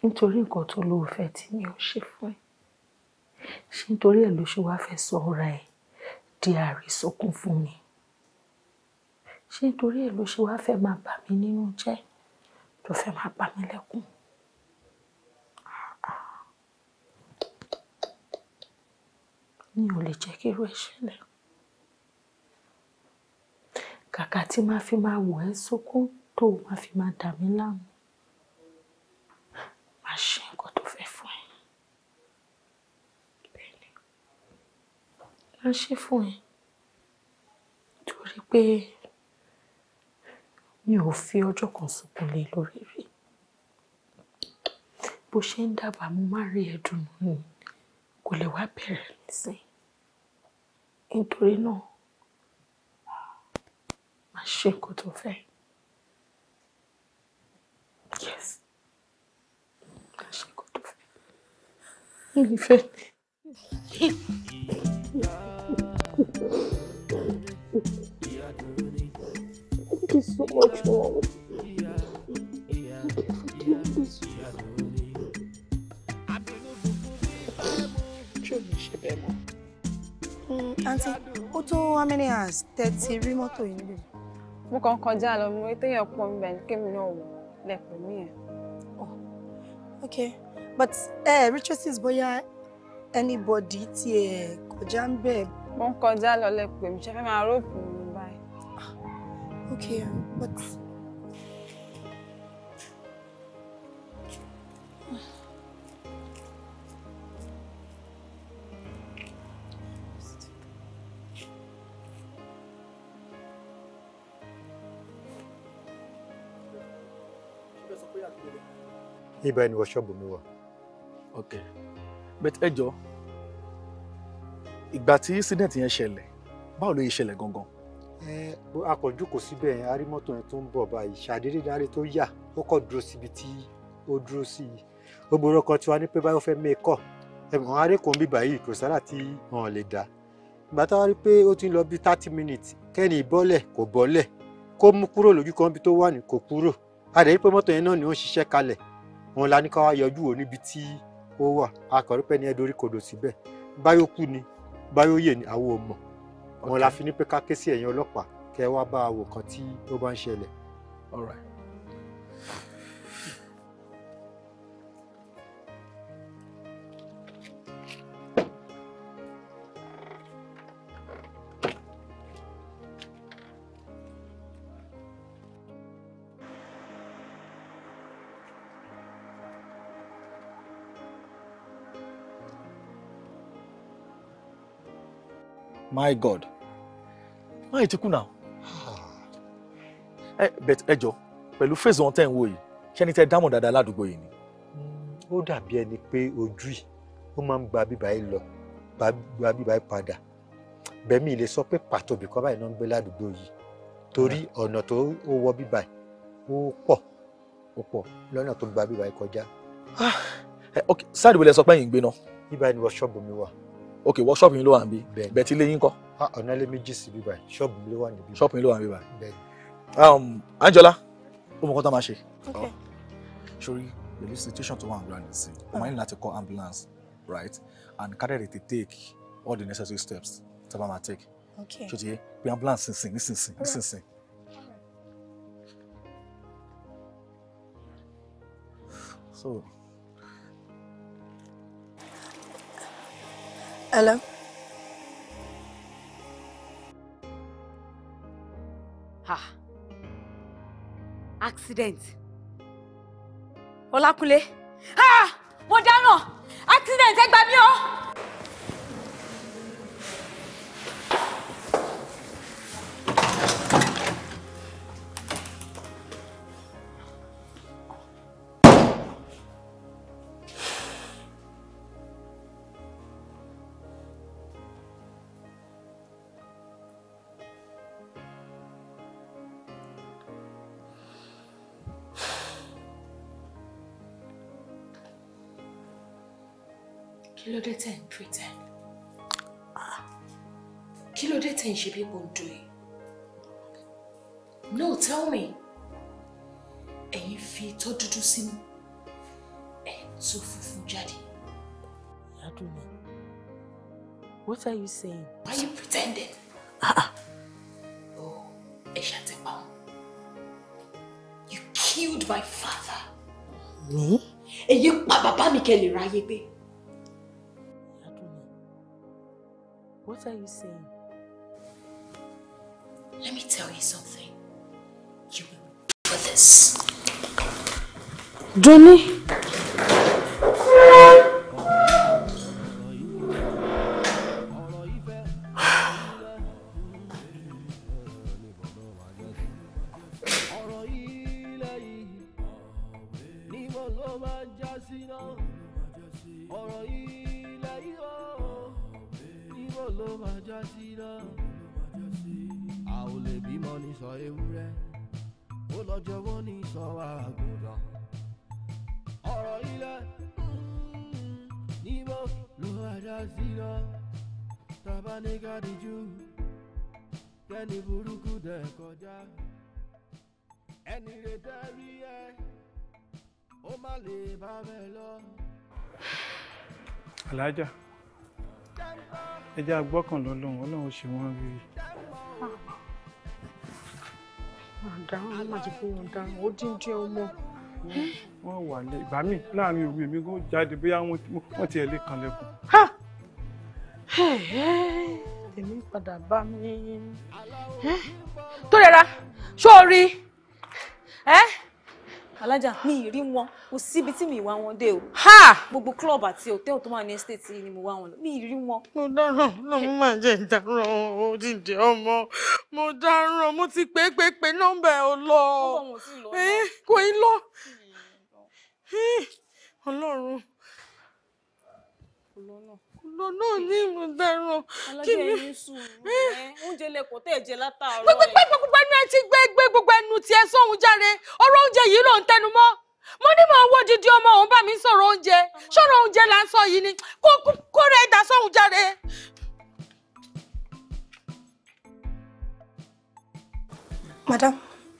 nítorí nǹkan tó lóò fẹ́ tí mi ò ṣe fún ẹ ṣé nítorí ẹ̀ ló ṣe wá fẹ́ sọ ọ̀rọ̀ ẹ̀ di àrísọkún fún mi ṣé nítorí ẹ̀ ló ṣe wá fẹ́ máa bà mí nínú jẹ́ tó fẹ́ máa pa mí lẹ́kún. mi ò lè jẹ́ kí irú ẹ̀ ṣẹlẹ̀ kàkà tí máa fi máa wọ̀ ẹ́ sókún tó máa fi máa dà mí láàmú máa ṣe nǹkan á ṣe fún ẹ torí pé mi ò fi ọjọ́ kan sunkún lé lórí rí bó ṣe ń dábàá mo máa ń rí ẹ̀dùn nù kò lè wá bẹ̀rẹ̀ nísìn nítorí náà má ṣe nǹkan tó fẹ́ yes má ṣe nǹkan tó fẹ́ nífẹ̀ẹ́. *laughs* Thank you so much, Mom. Aunty, ó tó how many hours tẹ́ ti rí mọ́tò yìí níbi? Mo kàn kọjá lọ, mo rí téèyàn pọ̀ níbẹ̀ ní kémi left for me. Oh, Okay, but eh, Richard traces boya. anybody tí ẹ kọjá wọ́n kọjá lọ lẹ́pẹ̀ mi ṣe fẹ́ máa róòpù mi báyìí. Ah, okay um, but. ibẹ̀ ni wọ́n ṣọ́ọ̀bù mi wà. ok bẹ́ẹ̀ ẹ jọ ìgbà tí incident yẹn ṣẹlẹ̀ báwo ló yẹ ṣẹlẹ̀ gangan. ẹ a kò jókòó síbẹ̀ yẹn arímọ́tò yẹn tó ń bọ̀ báyìí ṣàdédé dáre tó yà ó kọ̀ dúró síbi tí ó dúró sí i ó gbọ́dọ̀ kan tiwa ní pé báyọ̀ fẹ́ mẹ́kọ̀ ẹ̀gbọ́n arékùnrin bíbá yìí kò sára tí hàn lè dá ìgbà táwa rí pé ó ti ń lọ bí thirty minutes kẹ́ni ìbọ́lẹ̀ kò bọ́lẹ̀ kó mú kúrò lójú kan bí tó wà ní kò kúrò àdéhùn pé mọ́tò yẹn náà ni ó ń ṣiṣẹ́ kalẹ̀ òun la ní ká yọjú wò níbi tí ó wà akọ̀rí ni ẹ dorí kodò síbẹ̀ báyọ̀ kú ni báyọ̀ yè ní àwọn ò mọ̀ àwọn la fi ní pé ká ké sí ẹ̀yin ọlọ́pàá kẹ́ wá bá a wò kan tí ó bá ń ṣẹlẹ̀. all right my god máyì ti kú Now, ẹ bẹ̀t ẹ jọ pẹ̀lú phase one tẹ̀ ń wò yìí ṣé ẹni tẹ́ dámọ̀ dáadáa ládùúgbò yìí ni. Mm, ó dàbí ẹni pé ojú yìí ó máa ń gba bíbá yìí lọ gba bíbá yìí padà bẹ̀mí lè sọ pé pàtó bìkọ́ báyìí náà ń gbé ládùúgbò yìí torí mm. ọ̀nà tó ó wọ bíbá yìí ó pọ̀ ó pọ̀ lọ́nà tó gba bíbá yìí kọjá. Ah, ok sáà ìdìbò lẹ sọ pé ni wọ́n ṣọ́ọ̀bù mi wà ok workshop yín ló wà níbí bẹ́ẹ̀ tí ilé yín kọ́. ọ̀nà ilé méjì sí bíbá yìí ṣọ́ọ̀bù mi ló wà níbí. ṣọ́ọ̀bù mi ló wà níbí báyìí. bẹ́ẹ̀ um, Anjola ó mọ kọ́ tá a máa ṣe. sori pẹ̀lú situation tó wà nígbà nísìn o máa ní láti call ambulance right and carry it take all the necessary steps tá a bá máa take. ṣòtí yẹ pé ambulance nísìn nísìn nísìn. so Hello? Ha! Accident! Ọlákúnlé! Ha! Mo dáná! Accident! Ẹ gbà mí o! kí ló dé tẹ̀ ń pretend ah. kí ló dé tẹ̀ ń ṣe bí mo ń do yìí no tell me ẹ̀yin fi tó dúdú sínú ẹ̀ tó funfun jáde. Yaduna, what are you saying? Why are you pretending? Ah. ah. Oh, ẹ ṣàtẹ̀pá wọn. You killed my father. Me? Èyí pa bàbá mi kẹ́ ráyé gbé. are you saying? Let me tell you something. You will pay for this. Johnny. jẹ́ agbọ́kàn lọ́lọ́run ọlọ́run ṣe wọ́n rí i. wà lẹ́ ìgbà míì láàrin òru èmi kò jáde bóyá wọ́n tiẹ̀ lè kanlẹ̀kùn. èmi padà bá mi. tó rẹra ṣó o rí alájà mi ì rí wọn kò síbi tí mi ì wá wọn dé o. gbogbo club àti hòtẹ́ẹ̀lì tó wà ní estate yìí ni mo wá wọn lọ mi ì rí wọn. mo dáràn náà mo máa jẹ ìdáràn òdìdí ọmọ mo dáràn mo ti pé pé pé nọ́mbà ẹ ò lọ eh, kò í lọ eh, Ọlọ́run lọ náà ní ìlú dẹrùn. ọlọ́jọ́ sùn eh? oúnjẹ oúnjẹ yìí mo ní mò wo didi ọmọ òun bá mi sọ̀rọ̀ oúnjẹ sọ̀rọ̀ oúnjẹ là ń sọ yìí ni kó rẹ̀ dà sóhun jáde. madam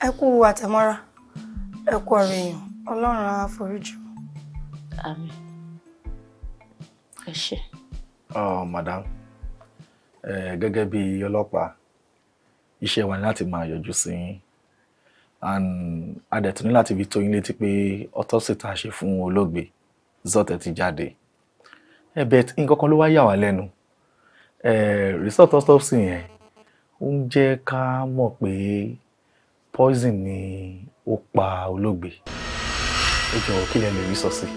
ẹ kú àtẹ̀mọ́ra ẹ kú ọ̀rọ̀ èèyàn ọlọ́run á foríjì. àmín ẹ ṣé. Oh, madam, eh, gẹ́gẹ́ bí ọlọ́pàá, iṣẹ́ wa ni láti máa yọjú sí yín. And a dẹ̀ tún ní láti fi tó yín létí pé autopsy tá a ṣe fún olóògbé zọ́tẹ̀ ti jáde. Eh, but nǹkan kan ló wá yà wá lẹ́nu. Eh, result autopsy yẹn ó ń jẹ́ ká mọ̀ pé poison ni ó pa olóògbé. Ẹ jọ̀wọ́ kí lẹ lè rí sọ sí.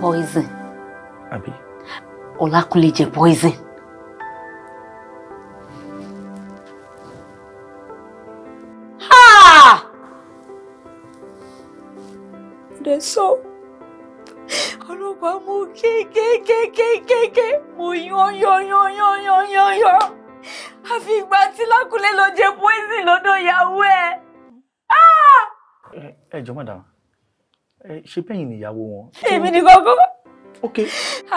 Poison àbí. Ọlákúnlé jẹ poison. Dẹ̀ sọ, ọlọ́pàá mú kékékékékéké, mo yan yan yan yan yan yan yan. Àfi ìgbà tí Lákúnlé lọ jẹ poison lọ́dọ̀ ìyàwó ẹ̀. Ẹ jọ̀ọ́ madam, ṣe bẹ́yìn ni ìyàwó wọn. Èmi ni kọ́kọ́ ok.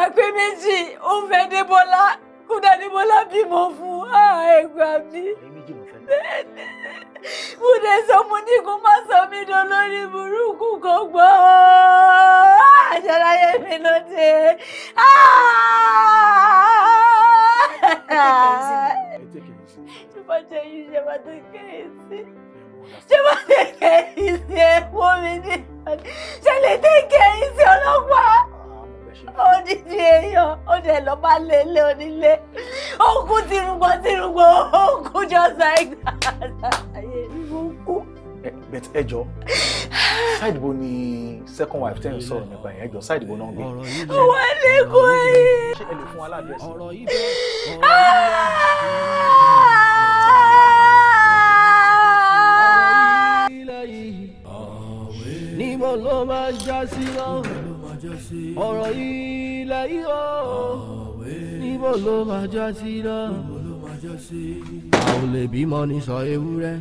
àpè méjì ó fẹ́ débọ́lá kódà débọ́lá bímọ fún ah, ẹgbà mi. mo dé sọ mo ní kó má sọ mí dán lórí burúkú kan gbọ́ ah, àṣàlàyé mi ló dé. Ah. ṣé bá jẹ́ yìí ṣe bá tó kéré sí ṣé wọ́n lè kẹ́ ìsìn ẹ̀wọ̀n mi ní ìsìn ṣé lè dé kẹ́ ìsìn ọlọ́pàá odidi èèyàn ó dẹ̀ lọ bá lé ilé onílé ó kú tìrúgbọ́n tìrúgbọ́n ó kú just like that kú. bet ẹ side bo ni second wife ten ń sọ̀rọ̀ nípa yẹn ẹ side bo náà gbé. wọ́n lè kó e. ṣé ẹ lè fún wa ládùúgbò yìí bẹ́ẹ̀ ọ̀rọ̀ yìí lẹ́yìn níbo ló máa já sí lọ́wọ́ ọ̀rọ̀ ilẹ̀ yìí o níbo ló máa já sí náà a ò lè bímọ ní sọ ewúrẹ́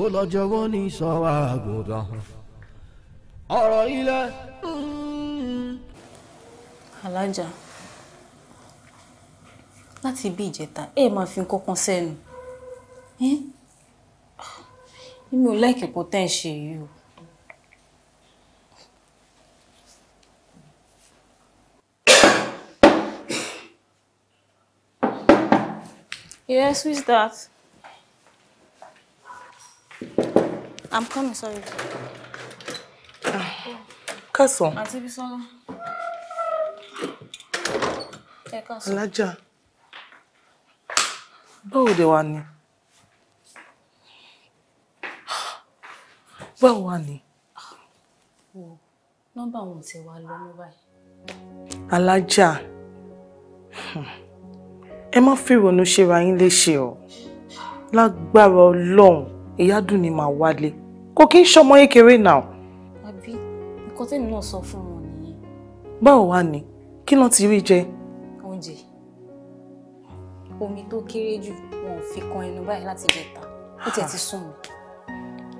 ó lọ́jọ́ wọ́n ní sọ àgùntàn ọ̀rọ̀ ilẹ̀. Mm-hmm. alájà láti bí ìjẹta ẹ máa fi kọkàn sẹ́nu eh? ah, èmi ò láìkẹ̀kọ́ tẹ̀ ṣe yìí o. Yes, who is that? I'm coming, sorry. Kásán. Àti Bísọ́lá. Ẹ Hey, Alájà. Elijah. de wa ni? Báwo wa ni? Nọ́mbà wọn ò tẹ wa lọ mú ẹ má fìrònú ṣera yín léṣe o lágbára ọlọ́run ìyádùn ni màá wálé kò kí ń ṣọmọ kékeré náà. àbí nǹkan tẹ́mi náà sọ fún wọn nìyẹn. báwo wá ni kí ló ti rí jẹ. oúnjẹ omi tó kéré jù wọn ò fi kan ẹnu báyìí láti bẹ̀ta ó tẹ̀ ti sùn mí.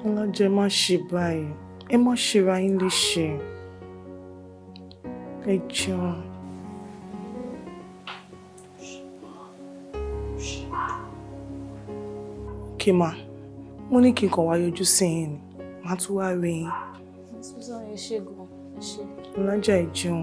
ọlọ́jẹ́ má ṣe báyìí ẹ má ṣera yín léṣe ẹ jẹun. okay ma mo ní kí n kàn wá yọjú sí yín ni màá tún wá rí yín. ṣùgbọ́n ẹ ṣe gan-an ẹ ṣe. ọlọ́jà ìjẹun.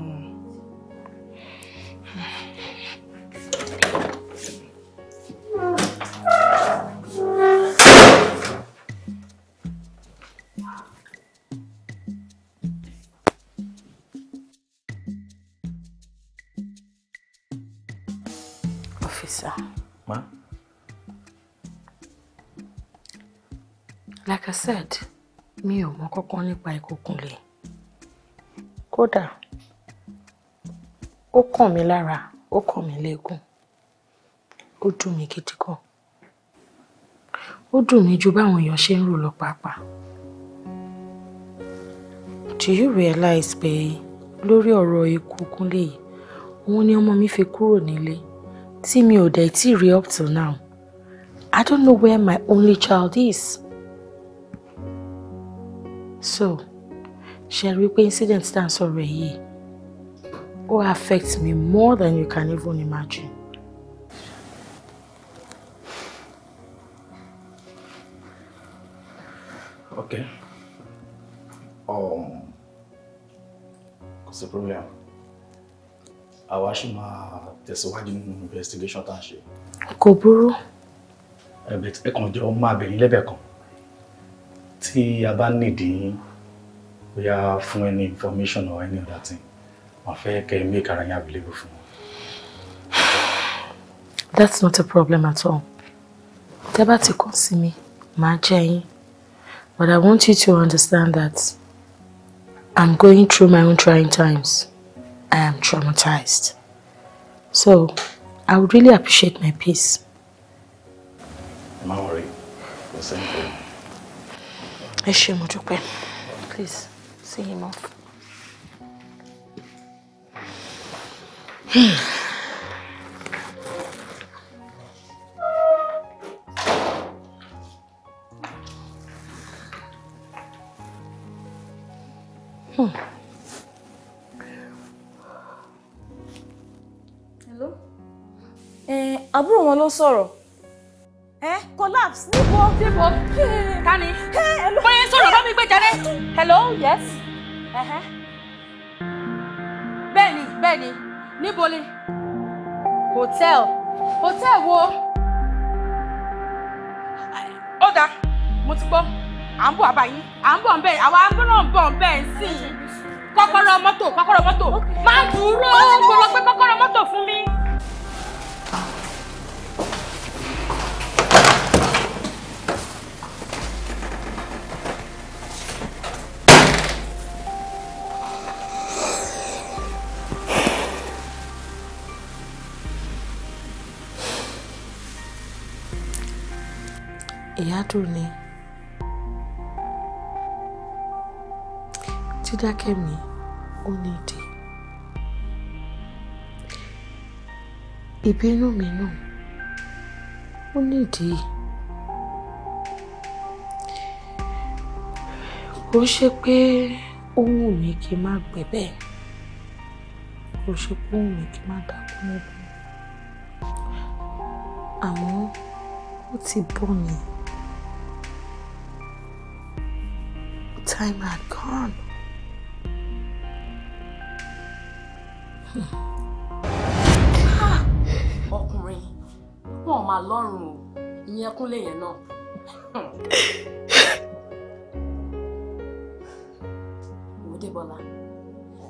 I said mi ò mọ kọ́kọ́ nípa ìkòkùnlé kódà ó kàn mí lára ó kàn mí léegun ó dùn mí gidi kan ó dùn mí ju báwọn èèyàn ṣe ń rò lọ pàápàá do you realize pé lórí ọ̀rọ̀ ikú Kúnlé yìí òun ni ọmọ mi fi kúrò nílé tí mi ò dẹ̀ tí rí up till now I don't know where my only child is so ṣe rí pé incident tá à ń sọ̀rọ̀ yìí ó affect me more than you can even imagine. Okay. Um, kò the problem. Àwa ṣì máa tẹ̀síwájú nínú investigation tá à ń ṣe. Kò burú. Ẹ̀bẹ̀ ẹ̀kan jẹ́ ọmọ abẹ̀yìn lẹ́bẹ̀ẹ́ kan tí a bá nídìí bóyá fún any information or any other thing wọn fẹ́ kẹ́ ẹ make ara yín available fún wọn. that's not a problem at all tẹ́ bá ti kàn sí mi màá jẹ́ yín but i want you to understand that i'm going through my own trying times i am traumatized so i would really appreciate my peace. Don't worry, the same thing ẹ ṣé please see him off. Hmm. hmm. Hello? Eh, àbúrò wọn ló sọ̀rọ̀ ẹ eh, collapse níbo níbo tani bóyá sọ̀rọ̀ bá mi gbé jáde hello yes bẹ́ẹ̀ni bẹ́ẹ̀ni níbo ni hotel hotel wo ó dáa mo ti gbọ́ à ń bọ̀ àbáyé à ń bọ̀ ń bẹ̀ àwa agbọ́nà ń bọ̀ ń bẹ̀ ń sìn kọ́kọ́rọ́ mọ́tò kọ́kọ́rọ́ mọ́tò má dúró kọ́kọ́rọ́ mọ́tò fún mi. ìyá dùn ni tídákẹ́mi ó ní ìdí ìbínú mi náà ó ní ìdí kò ṣe pé ó wù mí kí n má gbẹ bẹ́ẹ̀ kò ṣe pé ó wù mí kí n má dákú níbi àmọ́ ó ti bọ́ mi. time had gone. ọkùnrin wọn máa lọ́rùn o ìyẹn kúnlé yẹn náà. òde bọ́lá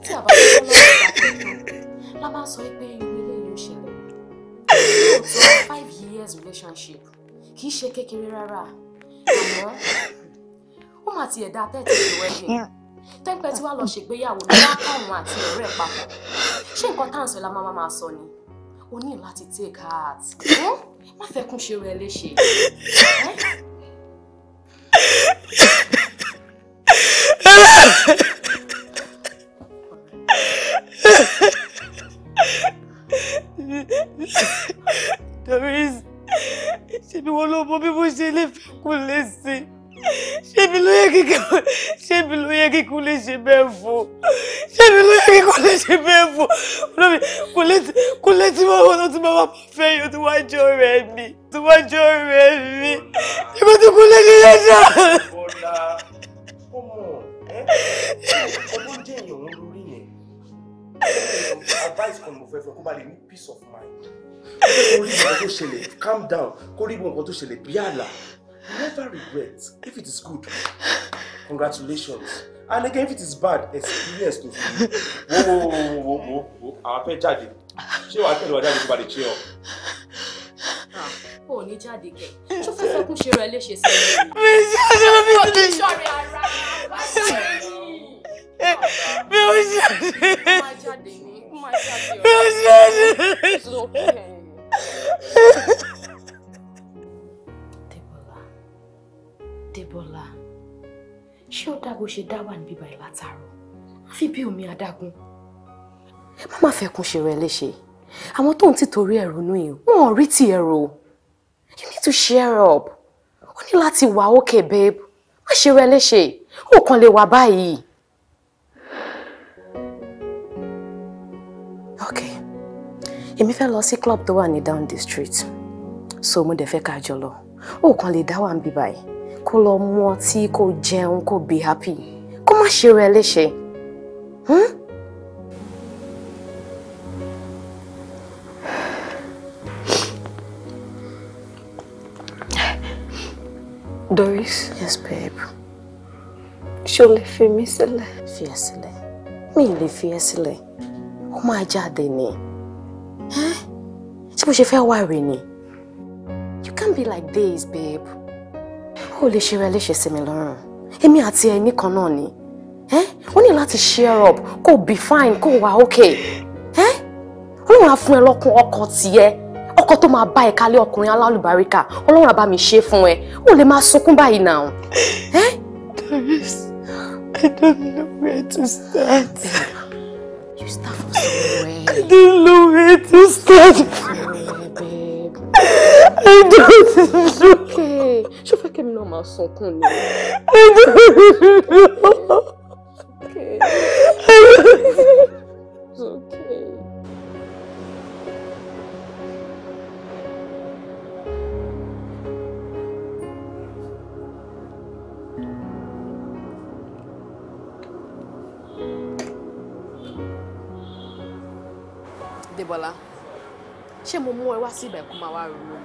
tí a bá ń bọ́ ìgbà tó lọ la máa sọ pé irú eléyìí ó ṣẹlẹ̀ ó tó five years relationship kì í ṣe kékeré rárá àmọ́ mà tiẹ̀ dá tẹ́tí ìlú wedding tẹ́ńpẹ́ tí wàá lọ ṣègbéyàwó ní lákàrún àti ọ̀rẹ́ ẹ̀ papọ̀ ṣé nǹkan tá à ń sọ la máa máa sọ ni o ní láti take heart má fẹ́ kún ṣe rẹ léṣe. ṣe bẹ́ẹ̀ fún olómi kò létí mọ́ wọn tó máa wà fẹ́ yóò tó wá jọ rẹ̀ mi tó wá jọ rẹ̀ mi ìbá tó kú létí yẹn advice kan mo fẹ́ fẹ́ kó peace of mind kó rí ìgbà tó down kó rí ìgbà tó ṣẹlẹ̀ bí àlà Never regret if it is good. Congratulations. And again, if it is bad, experience to feel. Whoa, whoa, whoa, whoa, whoa, whoa. Àwọn fẹ́ jáde. Ṣé wàá tẹ̀lé wa jáde tó bá lè ṣe ọ? Ah, ó ní jáde kẹ̀. Ṣé fẹ́ fẹ́ kún ṣe rẹ̀ léṣe sí ẹ? Mi jáde mi ò ní. Ṣọ̀rẹ́ ara rẹ̀ wá jáde yìí. Mi ò jáde. Ó máa Debola, she ó dá bó ṣe dá wà níbí báyìí látàárọ̀? Àfi bí omi adágún. Má má fẹ́ kún ṣe rẹ léṣe. Àwọn tó ń tìtorí ẹ̀rù nú yìí, wọn ò ti ẹ̀rù. You need to share up. O ní láti wà babe. Má ṣe rẹ léṣe. O kàn lè wà báyìí. Ok, èmi fẹ́ lọ sí club tó wà ní down the street. So mo dẹ̀ fẹ́ ká jọ lọ. O kàn lè dá wà ń bí kó lọ mu ọtí kó jẹun kó be happy kó má ṣe rẹ léṣe. Hmm? Doris. Yes, babe. Ṣo lè fi mí sílẹ̀? Fi ẹ́ sílẹ̀. Mi lè fi ẹ́ sílẹ̀. Ó máa jáde ni. Ṣé mo ṣe fẹ́ wá rè ni? You can't be like this, babe o lè ṣe rẹ léṣe sí mi lọ́rùn èmi àti ẹ nìkan náà ni ó ní láti share up kó be fine kó wà okay ọlọ́run á fún ẹ lọ́kùn ọkọ tiẹ̀ ọkọ tó máa bá ẹ kálé ọkùnrin alálùbáríkà ọlọ́run á bá mi ṣe fún ẹ ó lè máa sunkún báyìí náà. Doris, I don't know where to start. You start from somewhere. I don't know where to start. I don't know. Okay. o fẹ́ kẹ́mi náà máa sunkún ni? I don't know. It's okay. It's okay. Debola. ṣé mo mú ẹ wá sí ibà kó máa wá ronú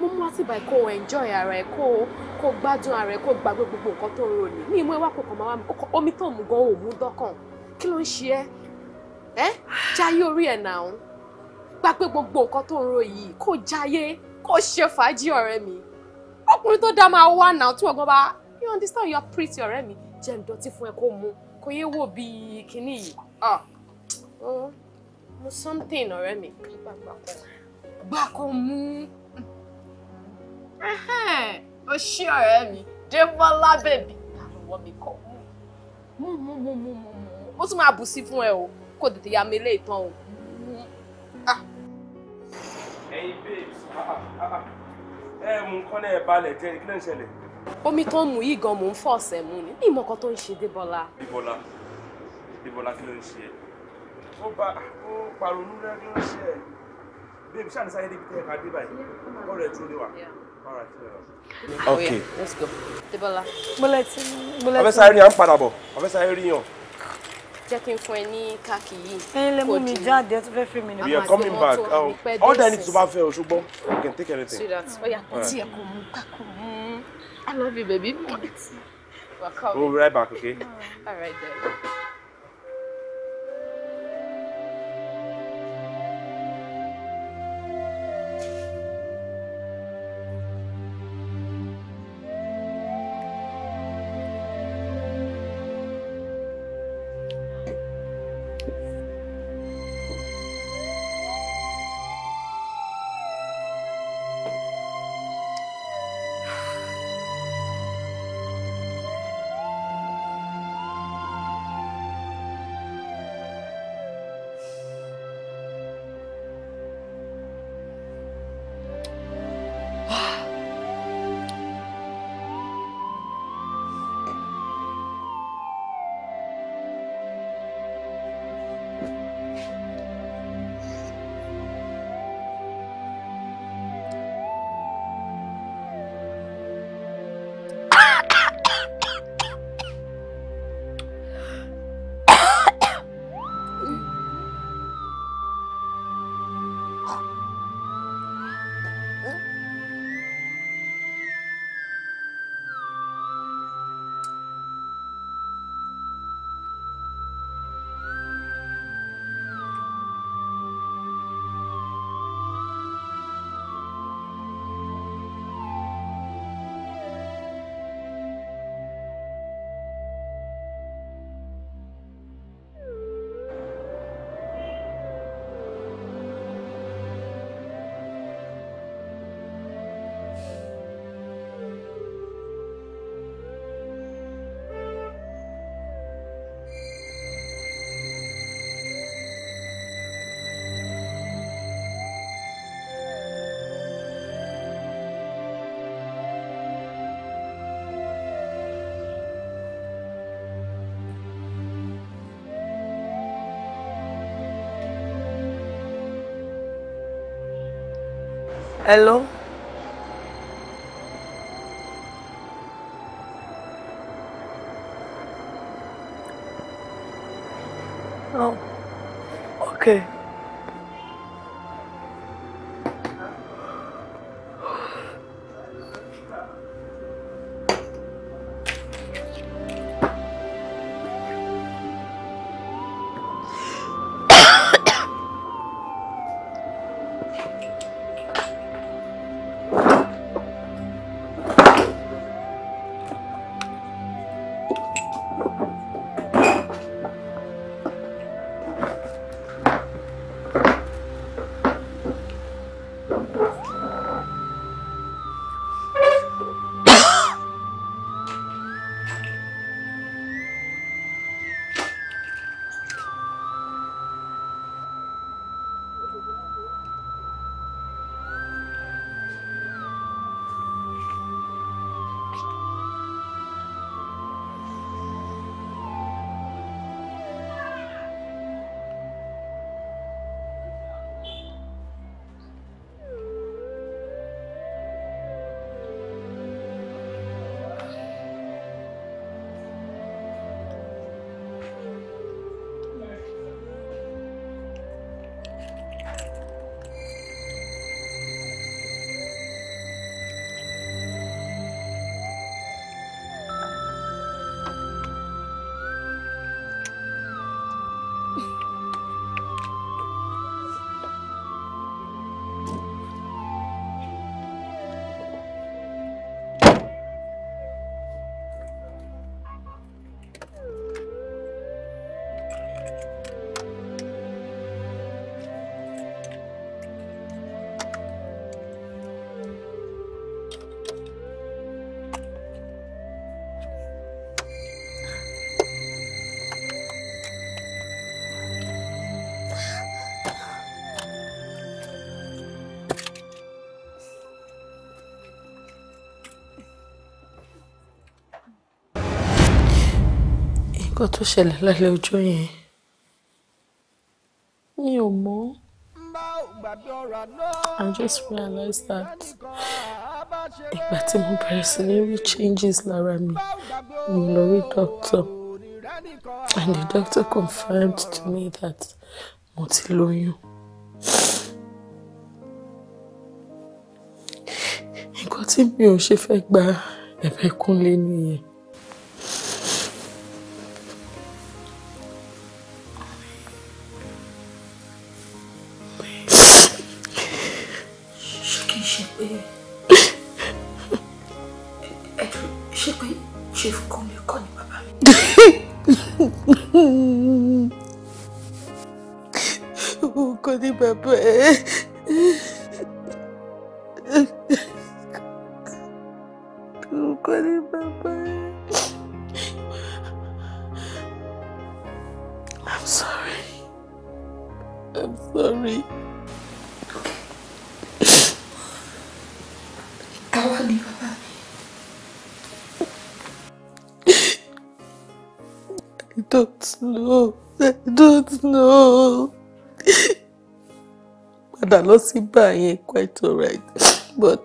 mi mo mú wá sí ibà kó ara ẹ kó kó gbádùn ara ẹ kó gbogbo nǹkan tó ń ronú ní ìmú ẹ wá kó kàn omi tó mú gan òmú dọ́kàn kí ló ṣe ẹ ẹ jáyé orí ẹ gbàgbé gbogbo nǹkan tó ń ro yìí kó jáyé kó ṣe mi ọkùnrin tó dá máa wá tí bá you understand mi jẹ́ fún ẹ kó kó yẹ wò mo something ọ̀rẹ́ mi gbàkọ mú o ṣí ọ̀rẹ́ mi Débọ́lá bèbí àlọ́wọ́ mi kọ̀ mú mú mú mú mú mú mo tún máa bù sí fún ẹ o kò tètè ya mi lé ìtàn o. Ah. ẹyin babes ah, ah, ẹ mú nǹkan náà balẹ̀ jẹ́ kí ló ń ṣẹlẹ̀. omi tó ń mu yìí gan mò ń fọ̀ ọ̀sẹ̀ mu ni bí ìmọ̀kan tó ń ṣe Débọ́lá. Débọ́lá Débọ́lá kí ló ń ṣe ẹ́ ó ba ó paronu rẹ kí ló ṣe ẹ babe sáyé débi tẹ ẹ ká dé báyìí ọ̀rẹ́ tó lé wa oh, okay let's go debola bulletin bulletin ọfẹ sáré ń padà bọ̀ ọfẹ rí yàn jẹ́ kí n fún ẹ ní káàkì yìí. ẹyin lè mú mi jáde tó fẹ́ fi mi nìkan. we are coming back oh, all that needs to bá fẹ́ o ṣùgbọ́n you can take anything. see that oya tí ẹ kò mú kákò mú i love you baby. we'll be right back okay. all right then. Hello? Oh, okay. nǹkan tó ṣẹlẹ̀ lálẹ́ ọjọ́ yẹn mi ò mọ̀ I just realized that ìgbà tí mo bẹ̀rẹ̀ sí ní rí changes lára mi mo lọ rí doctor and the doctor confirmed to me that mo ti lóyún. nǹkan tí mi ò ṣe fẹ́ gba ẹ̀bẹ̀ kúnlé nìyẹn. lọ sí báyẹn quite alright but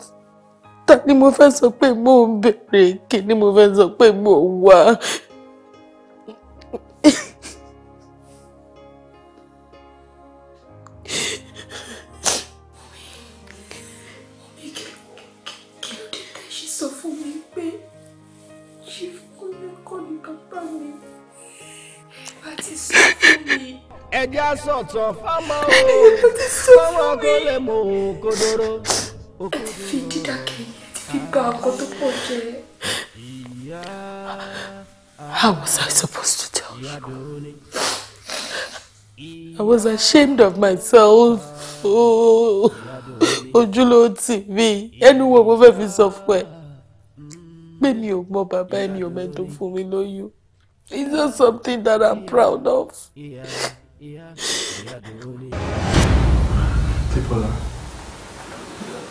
ta ni mo fẹ́ sọ pé mo ń bèrè kí ni mo fẹ́ sọ pé mo wà. ẹjẹ́ àsọ̀tọ̀ fámọ́ o *laughs* fámọ́ kó lè mọ òkodoro. fi dídàkẹ́ fi gba ọkọ tó pọ̀ jẹ́. How was I supposed to tell you? I was ashamed of myself. Oh, ojúlówó tì mí ẹnu wo mo fẹ́ fi sọ fún ẹ pé mi ò mọ bàbá ẹni ò mẹ́tò fún mi lóyún. It's not something that I'm proud of. People,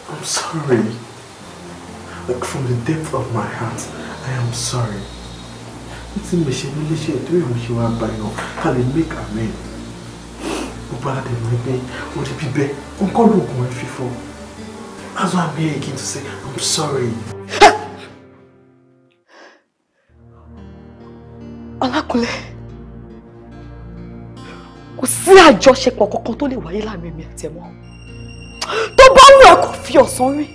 I'm sorry. Like from the depth of my heart, I am sorry. It's in Meshemi Leshe, three of you are by now. Can you make amen? Ubala de Mebe, Odibibe, Unkolo Gwenfifo. That's why I'm here again to say, I'm sorry. Alakule kò sí àjọṣepọ̀ kankan tó lè wáyé láàrin èmi àti ẹ̀wọ̀n tó bá wù ẹ́ kó fi ọ̀sán rí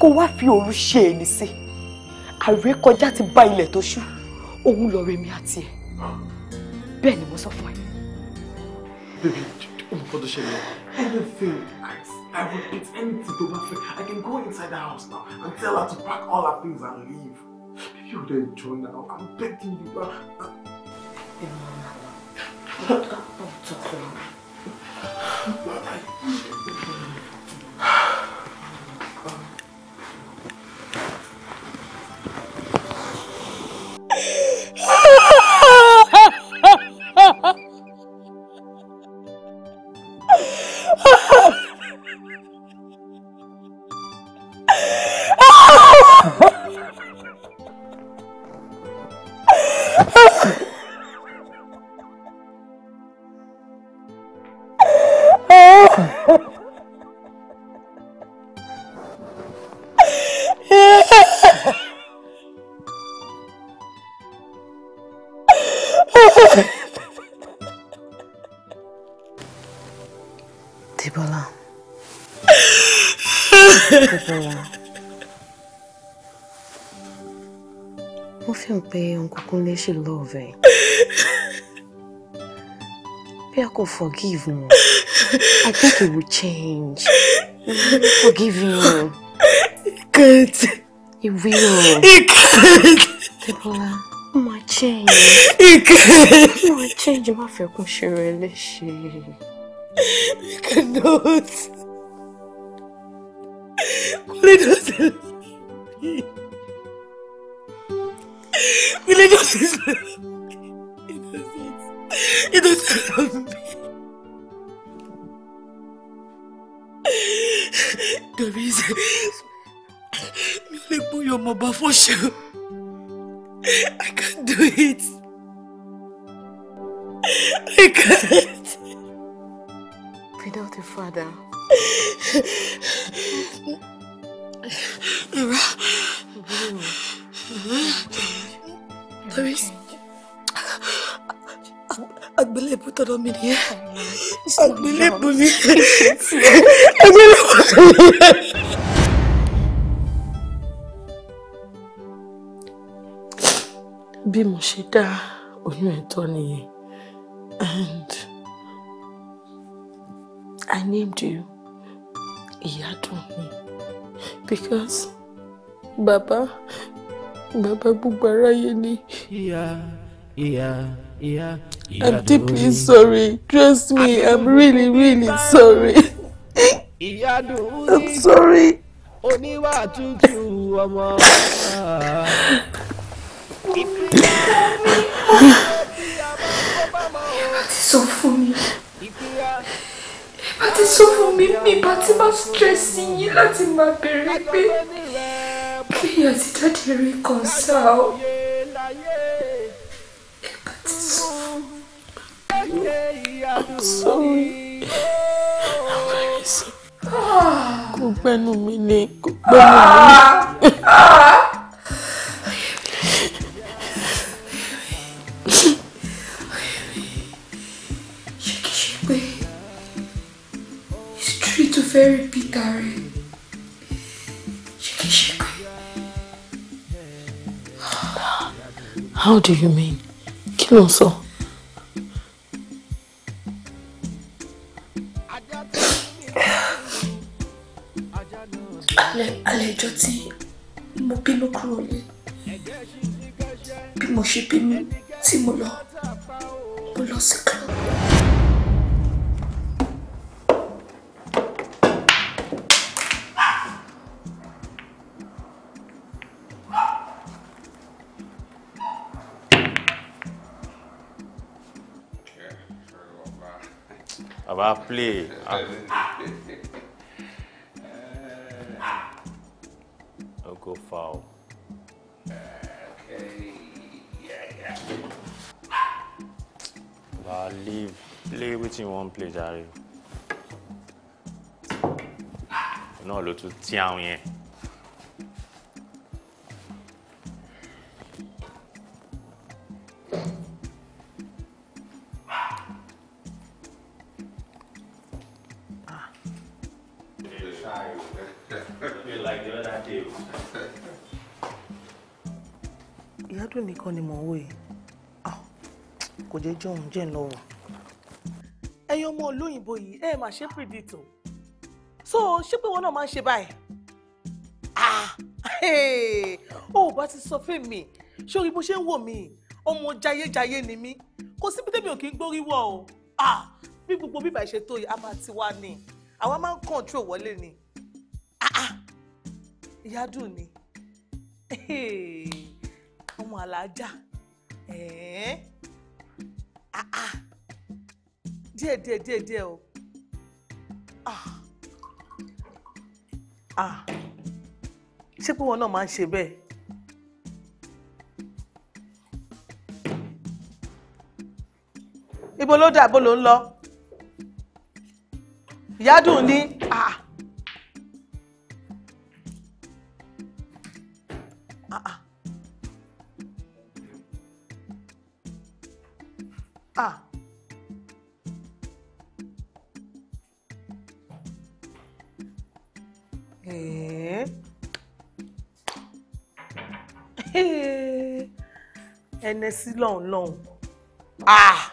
kó wá fi òru ṣe èní sí àrékọjá ti bá ilẹ̀ tó ṣú òun lọ rèmi àti ẹ̀ bẹ́ẹ̀ ni mo sọ fún ẹ. baby o nǹkan tó ṣẹlẹ̀ anything i will eat anything tó bá i can go inside that house now and tell her to pack all her things and leave baby you dey enjoy now i'm begging you. Uh, uh. Ah! ṣe love ẹ bí I could forgive him? I think he will change forgive him. Good. he will. He can't. Debola, I máa change. He can't. I máa change má feel kún ṣe rẹ léṣe. I cannot. Kúlẹ̀ dọ̀sẹ̀ lọ. Religious is innocent. Innocent of me. Doris, mi ò lè gbóyè ọmọ ọba fọ́ṣẹ́ I can't do it. I can't. Without your father. Laura. Blue. Paris. Àgbélébù tọ̀dọ̀ mi nìyẹn. Àgbélébù mi. Àgbélébù mi. bí mo ṣe dá oyún ẹ̀tọ́ and I named you Ìyádùnní because bàbá bàbá gbogbo aráyé ni. ìyá ìyá ìyá ìyá I'm deeply sorry trust me I'm really really sorry. ìyá lórí. I'm sorry. oníwà tútù ọmọ. Ìbátí sọ fún mi. Ìbátí sọ fún mi. Mi bá ti máa stress yín láti máa bèrè pé èmi àti dáàdì rí kọ̀ǹsà o ẹ̀ka ti sọ I'm sorry I'm very sorry I'm gbẹ́nu mi ni kò sorry. I'm ni. very bitter. How do you mean? Kí ló ń sọ? Àlejò tí mo bínú kúrò lé bí mo ṣe bínú tí mo lọ mo lọ sí wá play. ó go foul. Ba leave play wetin you wan play jare. Náà ló tún tí àwọn pé mi kọ́ ni mò ń wò ah, kò jẹ́ jọ òun ń lọ wọ̀. ọmọ olóyìnbó yìí ẹ máa ṣe predict so ṣé pé wọn náà máa ń ṣe báyìí ó ah, bá ti sọ fún mi sórí bó ṣe ń wò mí ọmọ jayéjayé ni mí kò síbi tẹ́mi ò kí ń gbóríwọ̀ o ah, bí gbogbo bíbà ṣe tó yìí a máa ti wá ni àwa máa ń control wọlé ni ìyá dùn ni. Hey ọmọ alájà ah, ah. díẹ̀ díẹ̀ díẹ̀ díẹ̀ o ah. ṣé pé wọn náà máa ń ṣe bẹ́ẹ̀. ibo ló dà bó ló ń lọ ìyádùn ní. Ah. A. Ah. Eh. Eh. *laughs* Ẹnẹ sí lọ́hùn lọ́hùn. Ah.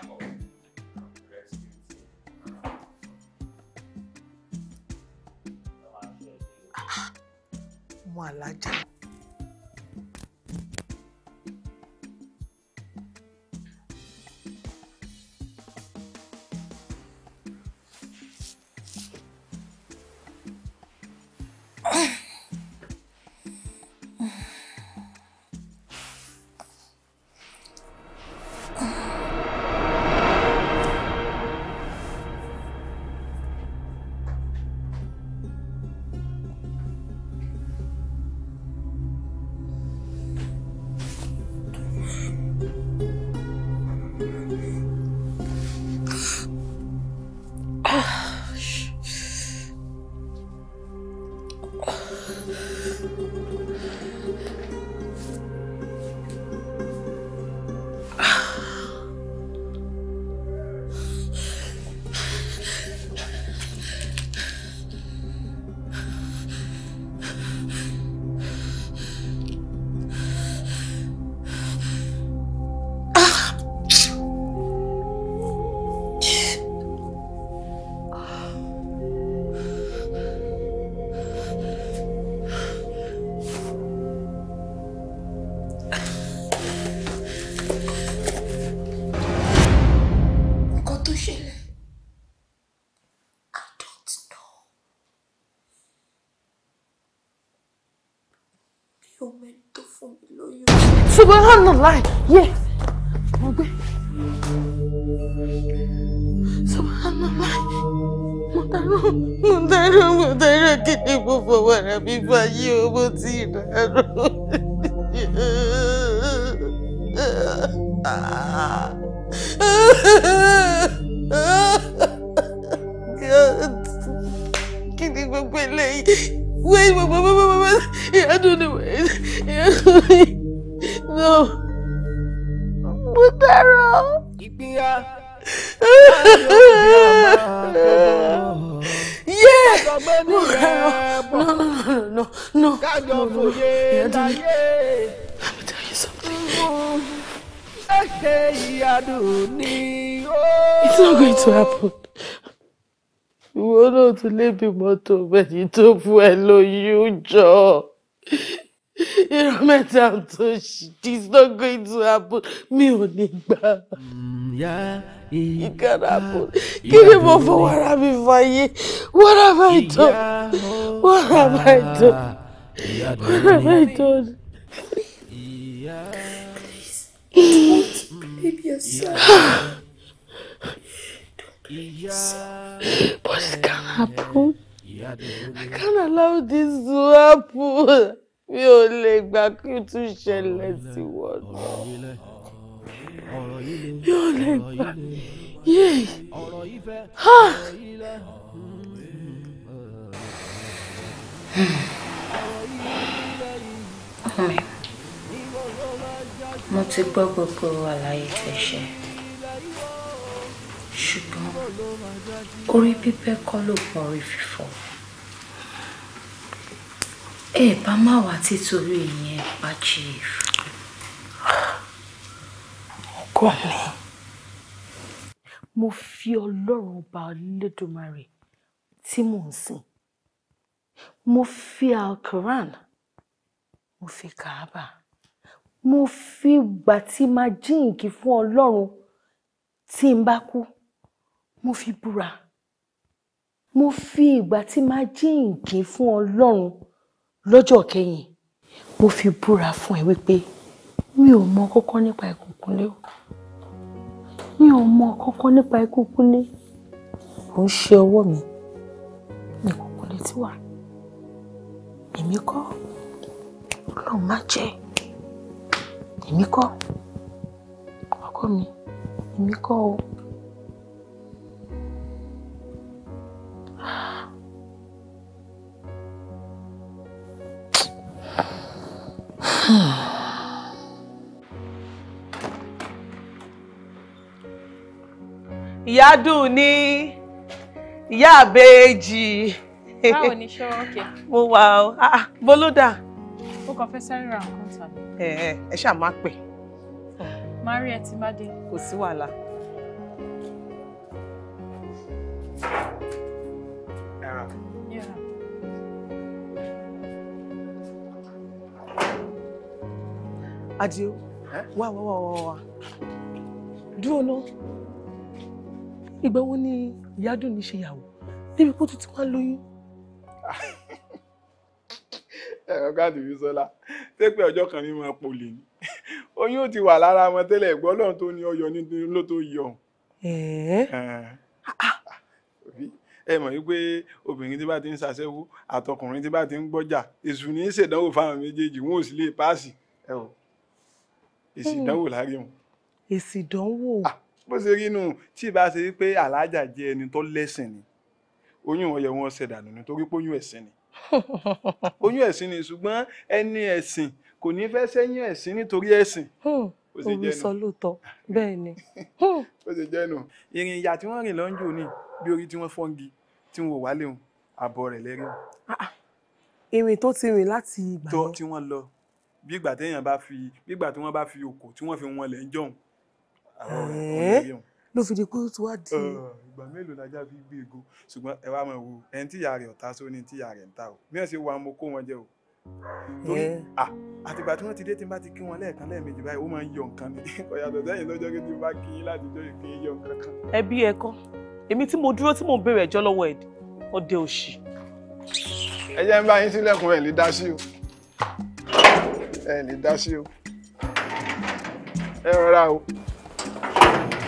subhanallah yẹ mo gbé subhanallah mo dárò mo dárò mo dárò kí ni mo fọwọ́ ara mi bá yí owó tí ì dárò. lébìmọ tó bẹyì tó fún ẹ lóyún jọ irọ́ mẹ́ta tó ṣì this no going to happen mi ò ní gbà. It mo fọwọ́ ara mi fàyè? What have I done? What have I done? What have I done? Please, don't baby yourself. But it can happen. I can't allow this to happen. Mi ò lè gbà kí o tún ṣẹlẹ̀ sí wọn. Mi ò lè gbà. Yéè. Ha! Ọmọ mi, mo ti gbọ́ gbogbo àlàyé tẹ̀ ṣùgbọ́n orí pípẹ́ kọ́ ló pọ̀ orí fífọ́ ẹ bá má wá títorí ìyẹn pa chief. ọkọ mi mo fi ọlọ́run ọba lẹ́dọ̀mọ́rẹ́ tí mò ń sìn mo fi alkoran mo fi kaaba mo fi gbàtí máa jíǹkì fún ọlọ́run tí n bá kú mo fi búra mo fi ìgbà tí máa jíǹkì fún ọlọ́run lọ́jọ́ kẹ́yìn mo fi búra fún ẹ wípé mi ò mọ kọ́kọ́ nípa ikú Kúnlé o mi ò mọ kọ́kọ́ nípa ikú Kúnlé ò ń ṣe ọwọ́ mi ní ikú Kúnlé ti wà èmi kọ́ ọlọ́run má jẹ́ èmi kọ́ ọkọ mi èmi kọ́ o. ìyá dùn ní ìyá àbẹ́ẹ̀jì. báwo ni ṣé wọ́n kẹ́. *laughs* mo wà ó ah, bólódà. ó kàn fẹ́ sáré ra nǹkan tàbí. ẹ ẹ ẹ ṣáà máa pè. máa ẹ tí má dé. kò sí wàhálà. ẹ ra. Adio, wá wá wá wá wá. Dúró ná. Ìgbà wo ni ìyádùn ní ṣe yàwó? Débi kó tún ti wá lóyún. Ẹ̀rọ káàdì fi sọ́lá, ṣé pé ọjọ́ kan ní máa pòlè ni? Oyún ò ti wà lára wọn tẹ́lẹ̀ ẹ̀gbọ́n Ọlọ́run tó ní ọyọ nítorí ló tó yọ. Ẹ mọ̀ wípé obìnrin tí bá ti ń ṣaṣẹ́wó àtọkùnrin tí bá ti ń gbọ́jà, èṣù ní í ṣèdánwò fáwọn méjèèjì, wọn ò sì lè páàsì èsì ìdánwò láàrin wọn. èsì ìdánwò. bó ṣe rí inú tí ìbá ṣe wípé aláàjà jẹ́ ẹni tó lẹ́sìn ni oyún ọyẹ wọn ṣe dànù nítorí pé oyún ẹ̀sìn ni *laughs* oyún ẹ̀sìn ni ṣùgbọ́n ẹni ẹ̀sìn kò ní fẹ́ sẹ́yìn ẹ̀sìn nítorí ẹ̀sìn. omi sọ lóòótọ́ *laughs* bẹ́ẹ̀ ni. ó ṣe jẹ́ nù ìrìn ìyà tí wọ́n rìn lọ́njọ́ ni bí orí tí wọ́n fọ́ngi tí wọ́n wà léwu àbọ̀ rẹ̀ lẹ́rìn. Ah, ah. ìrìn tó ti rìn láti ìgbà yẹn. tó tí wọ́n lọ bí ìgbà téèyàn bá fi bí ìgbà tí wọ́n bá fi okò tí wọ́n fi wọn lẹ̀ ń jọ̀hún. ló fi di kó tó wá di. ìgbà mélòó lajá fi gbé ego ṣùgbọ́n ẹ wá máa wo ẹni tíyà rẹ̀ ọ̀tá só ni tíyà rẹ̀ ń ta o bí wọ́n ṣe wà mo kó wọn jẹ o. àtìgbà tí wọ́n ti dé tí n bá ti kí wọn lẹ́ẹ̀kan lẹ́ẹ̀mejì báyìí ó máa ń yọ nǹkan mi ọ̀yàtọ̀ *laughs* sẹ́yìn lọ́jọ́ kí n bá kí yín láti jọ ìpín yọ nǹkan kan. ẹbí ẹkọ èmi tí mo dúró tí mo béèrè ẹjọ́ lọ́wọ́ ẹ ọdẹ òṣì. ẹ ń ẹ lè dá sí o ẹ rọra o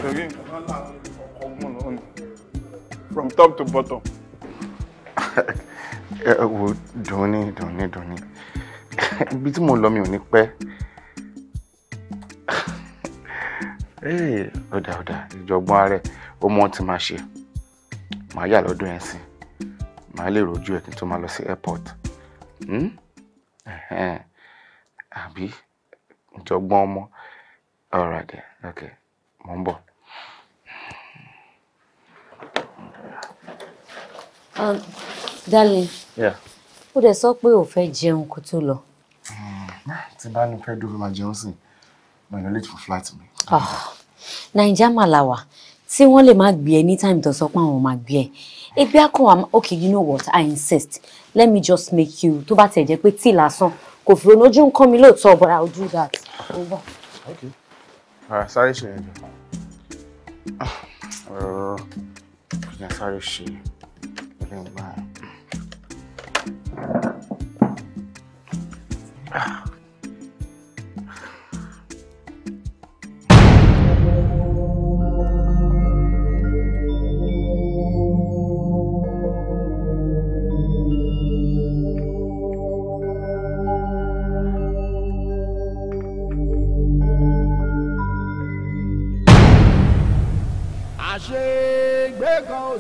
torí ọgbọ́n náà ni from top to bottom. ẹ wo dùn ní dùn ní dùn ní ibi tí mo lọ mi ò ní pẹ́ ọ̀dà ọ̀dà ìjọgbọ́n ààrẹ ó mọ ohun tí máa ṣe màá yà lọ́dún ẹ̀ sìn màá lè rojú ẹ̀ kí n tó máa lọ sí airport. Hmm? uh àbí ìjọgbọ́n ọmọ all right then okay mo ń bọ̀. Um, darling ó dẹ̀ sọ pé ò fẹ́ jẹun kó tó lọ. Hmm, ah, tí bá ní fẹ́ dúró máa jẹun sí mo ìnáwó late for flight mi. Ah, naija malawa tí wọ́n lè má gbé ẹ ní time tó sọ pé àwọn máa gbé ẹ ebi akọ wa okay you know what i insist let me just make you tó bá tẹ̀ jẹ́ pé tí lásán kò fi ronú ojú ń kán mi lóòótọ́ but I will do that. Over. Okay. Alright, sáré ṣe yẹn jọ. Ah, ọ̀rọ̀ ìyá sáré ṣe ẹgbẹ́ ìgbà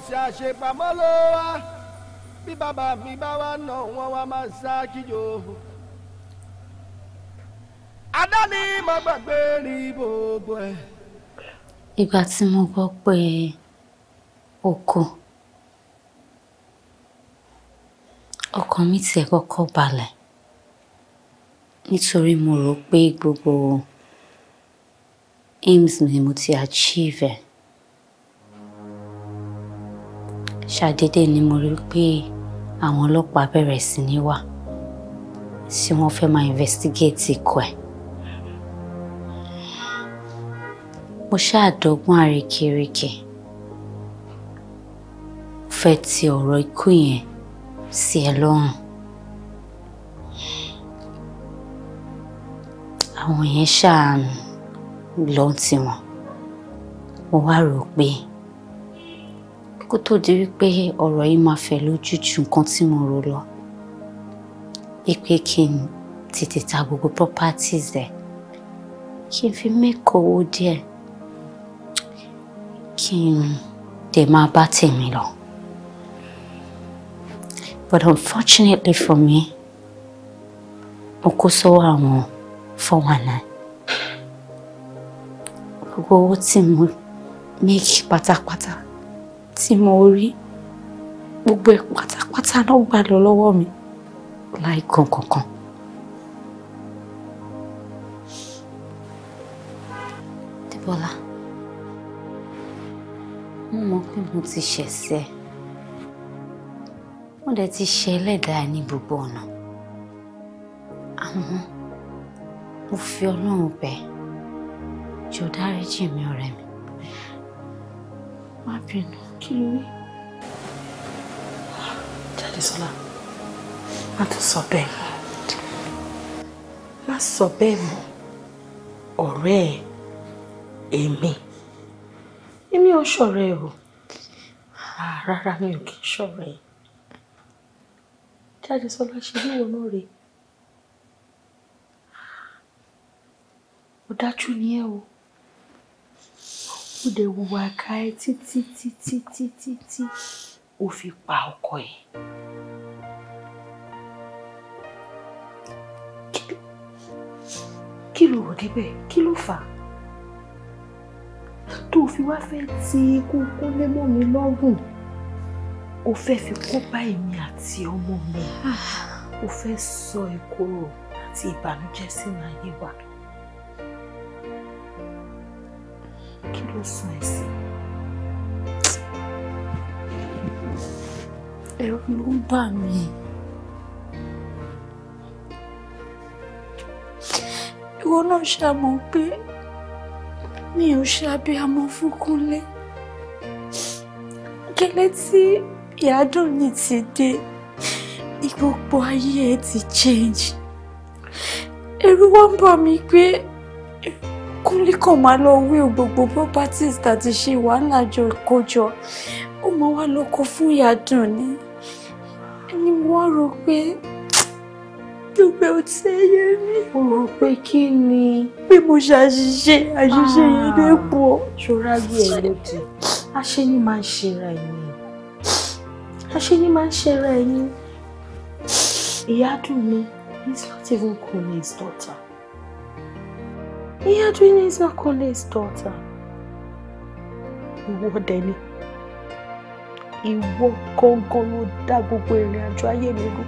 sí àṣepamọ́ ló wá bí bàbá mi bá wá nà wọ́n wá máa sá kíjò. adáni mo gbàgbé rí gbogbo ẹ. ìgbà tí mo gbọ́ pé o kò ọkàn mi tiẹ̀ kọ́kọ́ balẹ̀ nítorí mo rò pé gbogbo aims mi mo ti achieve ẹ̀. ṣàdédé ni mo rí pé àwọn ọlọ́pàá bẹ̀rẹ̀ sí ní wá tí wọ́n fẹ́ máa investigate ikọ̀ ẹ̀. mo ṣáàdọ́gbọ́n àrékérekè fẹ́ ti ọ̀rọ̀ ikú yẹn sí ẹ lọ́rùn. àwọn yẹn ṣáà lọ́ọ́ tiwọn mo wá rò pé kó tó di wípé ọ̀rọ̀ yìí máa fẹ̀ lójú nǹkan tí mo rò lọ wípé kí n tètè ta gbogbo properties ẹ̀ kí n fi make owó díẹ̀ kí n dẹ̀ máa bá tèmi lọ. But unfortunately for me mo kó sọ́wọ́ àwọn four one nine gbogbo owó tí mo make pátápátá tí mo rí gbogbo ẹ̀ pátápátá náà gbà lọ lọ́wọ́ mi láì kan kankan. Débọ́lá mo mọ̀ pé mo ti ṣẹ̀ṣẹ̀ mo dẹ̀ ti ṣe ẹlẹ́dàá ní gbogbo ọ̀nà àmọ́ mo fi ọlọ́run bẹ̀ jọ̀ọ́ dáríjì mi ọ̀rẹ́ mi má bínú kí ló rí jáde sọlá má tún sọ bẹ́ẹ̀ mọ́ má sọ bẹ́ẹ̀ mọ́ ọ̀rẹ́ èmi èmi ò ṣọ̀rẹ́ o ah, rárá mi ò kí ń ṣọ̀rẹ́ jáde sọlá ṣe bí wọn náà rèé ó dájú ní ẹ o ó dẹ̀ wùwà ká ẹ títí títí títí tí ó fi pa ọkọ ẹ. kí ló rò débẹ̀ kí ló fà á tó fi wá fẹ́ ti kúkú lé mọ́ mi lọ́rùn ó fẹ́ fi kó bá èmi àti ọmọ mi ó ah. fẹ́ sọ ìkorò àti ìbànújẹ́ sínú ayé wa. ló sùn ẹ̀ sí. ẹ̀rù ló ń bà mí. ìwọ náà ṣàmọ̀ pé mi ò ṣàbíamọ fún Kúnlé gẹ́lẹ́ tí ìyádùnní ti dé ní gbogbo ayé ẹ ti change Eu não ń me mí kúnlé kan máa lọ wí gbogbo properties tàti ṣe wàhálà jọ kójọ ó máa wá lọ́kọ fún ìyàdùn ni ẹni wọ́n rò pé dúpẹ́ ó ti ẹyẹ mi. O rò pé kí ni. bí mo ṣàṣìṣe àṣìṣe yẹn ah. dé pọ̀. ṣọ́ra bí ẹ ló ti àṣé ni máa ń ṣera ẹni àṣé ni máa ń ṣera ẹni ìyá dùn mi he's not even cool his daughter. Iyadwini is not Makole's daughter. Ìwọ dẹni. Ìwọ gangan ló dá gbogbo ìrìn àjò ayé mi rú.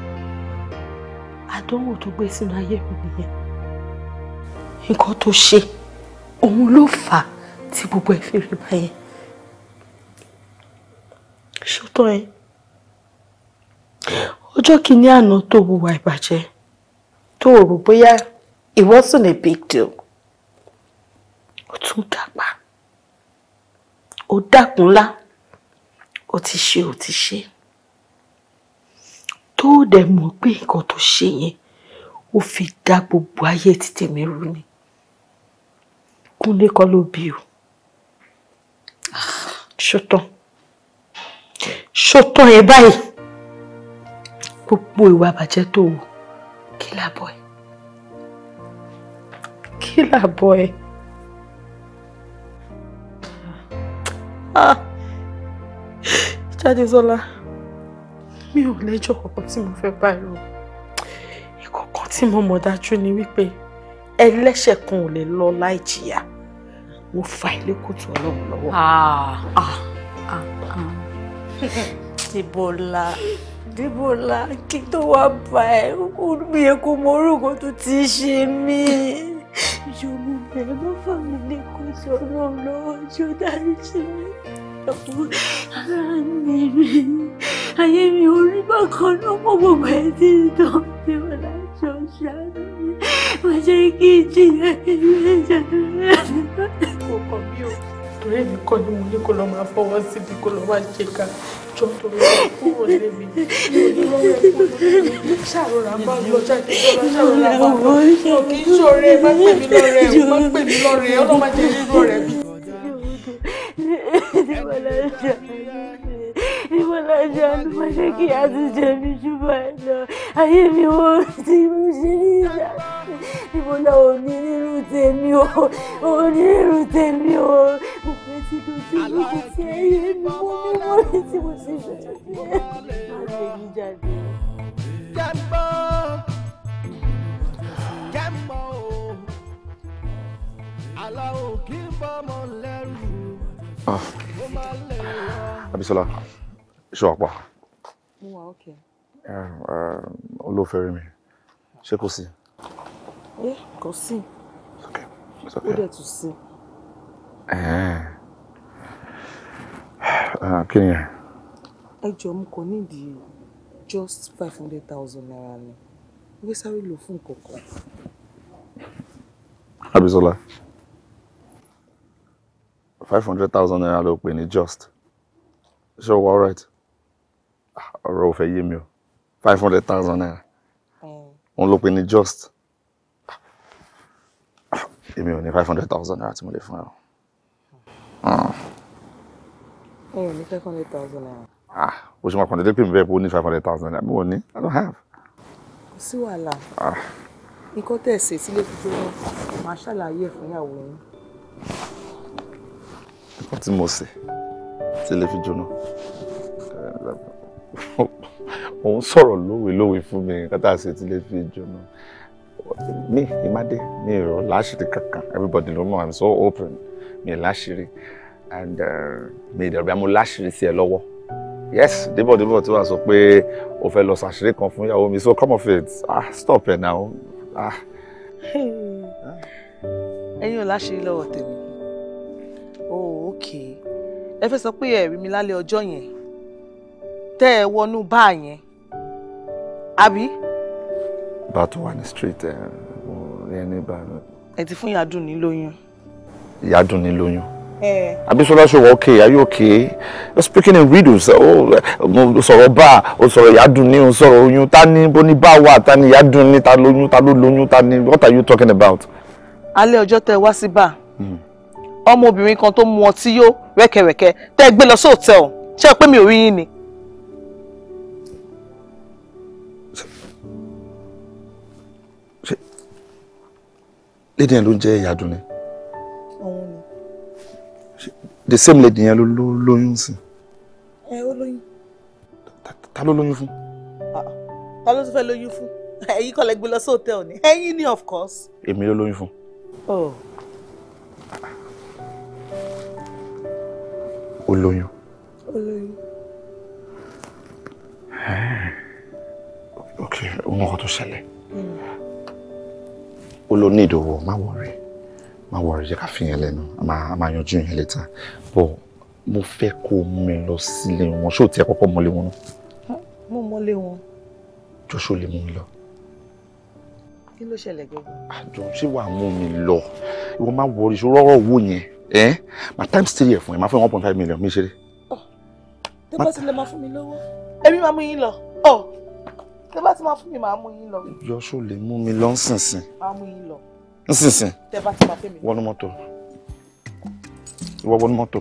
Àdánwò tó gbé sínú ayé mi nìyẹn. Nǹkan tó ṣe, òun ló fà á tí gbogbo ẹ̀ fi rí báyẹn. Ṣótọ́ ẹ, ọjọ́ kìíní àná tó wùwà ìbàjẹ́ tó rò bóyá it wasn't a big deal ó tún dàgbà ó dàkúnlá ó ti ṣe ó ti ṣe tó dẹ̀ mọ̀ pé nǹkan tó ṣe yẹn ó fi dá gbogbo ayé ti tèmi rú ni kúnlé kọ́ ló bí o ṣótán ṣótán ẹ báyìí gbogbo ìwà àbàjẹ́ tó wù kí làbọ̀ ẹ kí làbọ̀ ẹ. Jádesọ́lá mi ò lẹ́jọ́ kankan tí mo fẹ́ bá irú ìkọ̀kan tí mo mọ̀ dájú ni wípé ẹlẹ́ṣẹ̀ kan ò lè lọ láì jìyà mo fa ilé kòtò ọlọ́run lọ́wọ́. Ah, ah, ah, Dìbòlá Dìbòlá kí tó wá bá ẹ orí mi yẹ kó mọ orúkọ tó ti ṣe mí jọ mo bẹ̀rẹ̀ mo fà mí lé kó sọ̀rọ̀ lọ́wọ́ jọ mi ọ̀hún ara mi rí ayé mi orí bákan náà mo gbogbo ẹ̀ tí ń tàn mí wọ́n láṣọ ṣáájú mi má jẹ́ kí n jìyà ilé ìjàdùrẹ́. kò mi kọ́ ni mo jọ torí kúrò lébi mi ò ní lọ́wọ́ ẹ̀kọ́ ṣàròrà bá mi ọjà ìtọ́jú ṣàròrà ò ní ìyá. tèmi o ti ah, Abisola ṣe wà pa. mo wà ókè. Eh, eh, olóòfẹ́ rí mi ṣé kò sí. ẹ eh, kò sí. ó dẹ̀ tún sí. Ah, kí ni ẹ. ẹ jọ mo kàn nídìí just five hundred thousand naira ni wọ́n sáré lò fún nǹkan kan. Abisola five hundred thousand naira ló pè ní just ṣé o wá alright ah, ọ̀rọ̀ ò fẹ́ yé mi o five hundred thousand naira eh. òun ló pè ní just ah, èmi ò ní five hundred thousand naira tí mo lè fún ẹ o. Oh, ò ní five hundred thousand ah which one máa kọ̀ǹdẹ́dẹ́ pé mi bẹ́ẹ̀ five hundred thousand naira mi i don't have. See what wàhálà Ah, tẹ̀ ṣe sílé tuntun náà màá ṣàlàyé ẹ̀ from ìyàwó woman. nǹkan tí mo ṣe sílé fi jóná eh, òun sọ̀rọ̀ lówe lówe fún mi nǹkan tá a ṣe sílé fi jóná Me, ìmádé mi ìrọ̀ láṣìírí kankan everybody ló mọ̀ i'm so open Me láṣìírí and uh, mi ìdẹ̀rù bí mo láṣìírí sí ẹ lọ́wọ́ yes débọ̀débọ̀ tí wàá sọ pé o fẹ́ lọ ṣàṣírí kan fún ìyàwó mi so come off it ah stop it now ah. *laughs* ẹ̀yin ò láṣìírí lọ́wọ́ tèmi oh okay ẹ fẹ́ sọ pé ẹ rí mi lálẹ́ ọjọ́ yẹn tẹ́ ẹ wọnú báà yẹn àbí. bá wà ní street ẹ eh, ò rí ẹni bá a lọ. ẹ ti fún ìyá dùn ní lóyún. ìyá dùn ní lóyún. Abisola eh. ṣe wọ okay are you okay you're speaking in riddles sọ̀rọ̀ bá sọ̀rọ̀ ìyádùn ní sọ̀rọ̀ oyún ta ni bó ní bá wà ta ni ìyádùn ní ta lóyún ta ló lóyún ta ni what are you talking about. alẹ́ ọjọ́ tẹ wá sí bá hmm. ọmọbìnrin kan tó mu ọtí yó rẹ́kẹ̀rẹ́kẹ́ tẹ́ gbé lọ sí hòtẹ́ẹ̀lì ṣé o pé mi ò rí yín ni. lédè ló ń jẹ́ ìyádùn ni the same lady yẹn ló lóyún sí. ẹ ó lóyún. ta ló lóyún fún. Ah, ta ló tún fẹ́ lóyún fún ẹ̀yin kọ́ lẹ gbé lọ sí hòtẹ́ẹ̀lì ni ẹ̀yin ni of course. èmi ló lóyún fún. Oh. ó lóyún. ó lóyún. ok ohun ọkọ tó ṣẹlẹ̀ hmm. ó lọ ní ìdòwò má wọrí má wọrí jẹ́ ká fi yẹn lẹ́nu a máa yanjú yẹn létà bọ́ mo fẹ́ kó mú mi lọ sílé wọn ṣó tiẹ̀ kọ́kọ́ mọ́lé wọn náà. mo mọ́lé wọn. jọ́ṣọ́ lè mú mi lọ. kí ló ṣẹlẹ̀ gbọ́dọ̀. Ah, àjọ ṣé wàá mú mi lọ ìwọ má wọrí ṣó rọ́rọ́ owó yẹn ẹ̀ mà times three ẹ̀ fún ẹ̀ má fún ẹ̀ one point five million mi ṣeré. Oh, tó bá ti lè máa fún mi lówó èmi máa mú yín lọ oh, tó bá ti máa fún mi máa mú yín lọ. jọ́ṣọ́ lè mú mi lọ nísinsìnyí. máa mú yín lọ nísinsìnyí wọnú mọ́tò ìwọ wọnú mọ́tò.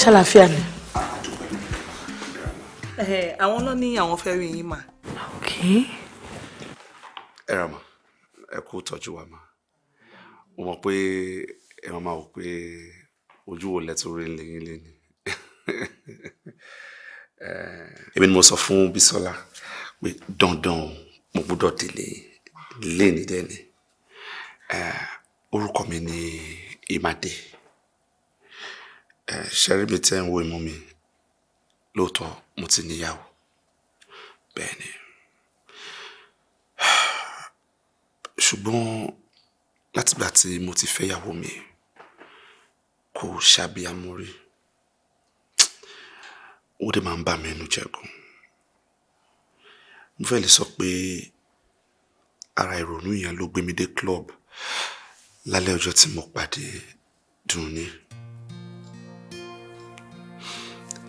ṣàlàfíà ni. àwọn náà ní àwọn fẹ́ rí yín mà. ẹ rà mà ẹ kú tọ́jú wa mà mo mọ̀ pé ẹ máa wò pé ojú wo lẹ́tọ́ rí lẹ́yìn lẹ́ni. *laughs* èmi ni mo sọ fún Bísọ́lá pé dandan mo gbọ́dọ̀ délé lẹ́ni dẹ́ni orúkọ mi ni Ìmàdé. Uh, ẹ ṣẹ́rí mi tẹ́ ń wo ìmú mi lóòótọ́ mo ti níyàwó bẹ́ẹ̀ ni ṣùgbọ́n látìgbà tí mo ti fẹ́yàwó mi kò ṣàbíamọ́ rí ó dẹ̀ máa ń bà mí nínú jẹ́ gan mo fẹ́ lè sọ pé ara ìrònú yẹn ló gbé mi dé club lálẹ́ ọjọ́ tí mo pàdé Dùnní.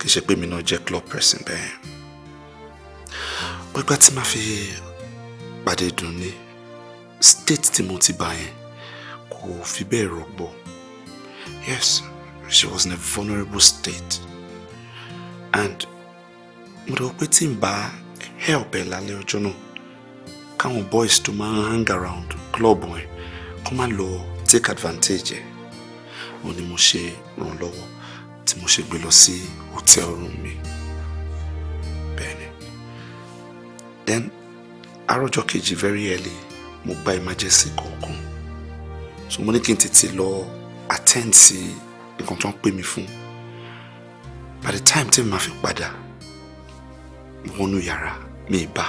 kì í ṣe pé mi náà jẹ́ club person bẹ́ẹ̀. pẹ́pẹ́ tí màá fi pàdé Dunni state tí mo ti bá yẹn kò fi bẹ́ẹ̀ rọ̀gbọ̀. yes she was in a vulnerable state and mo rò pé tí n bá help ẹ lálẹ́ ọjọ́ náà káwọn boys tó máa ń hang around club wọn kó má lọ take advantage ẹ̀ òun ni mo ṣe ràn lọ́wọ́ tí mo ṣe gbé lọ sí ó tẹ́ mi bẹ́ẹ̀ ni then àròjọ kejì very early mo gba emergency kọ̀ọ̀kan so mo ní kí n tètè lọ attend sí nǹkan tó ń pè mí fún by the time tí mo máa fi padà wọnú yàrá mi bá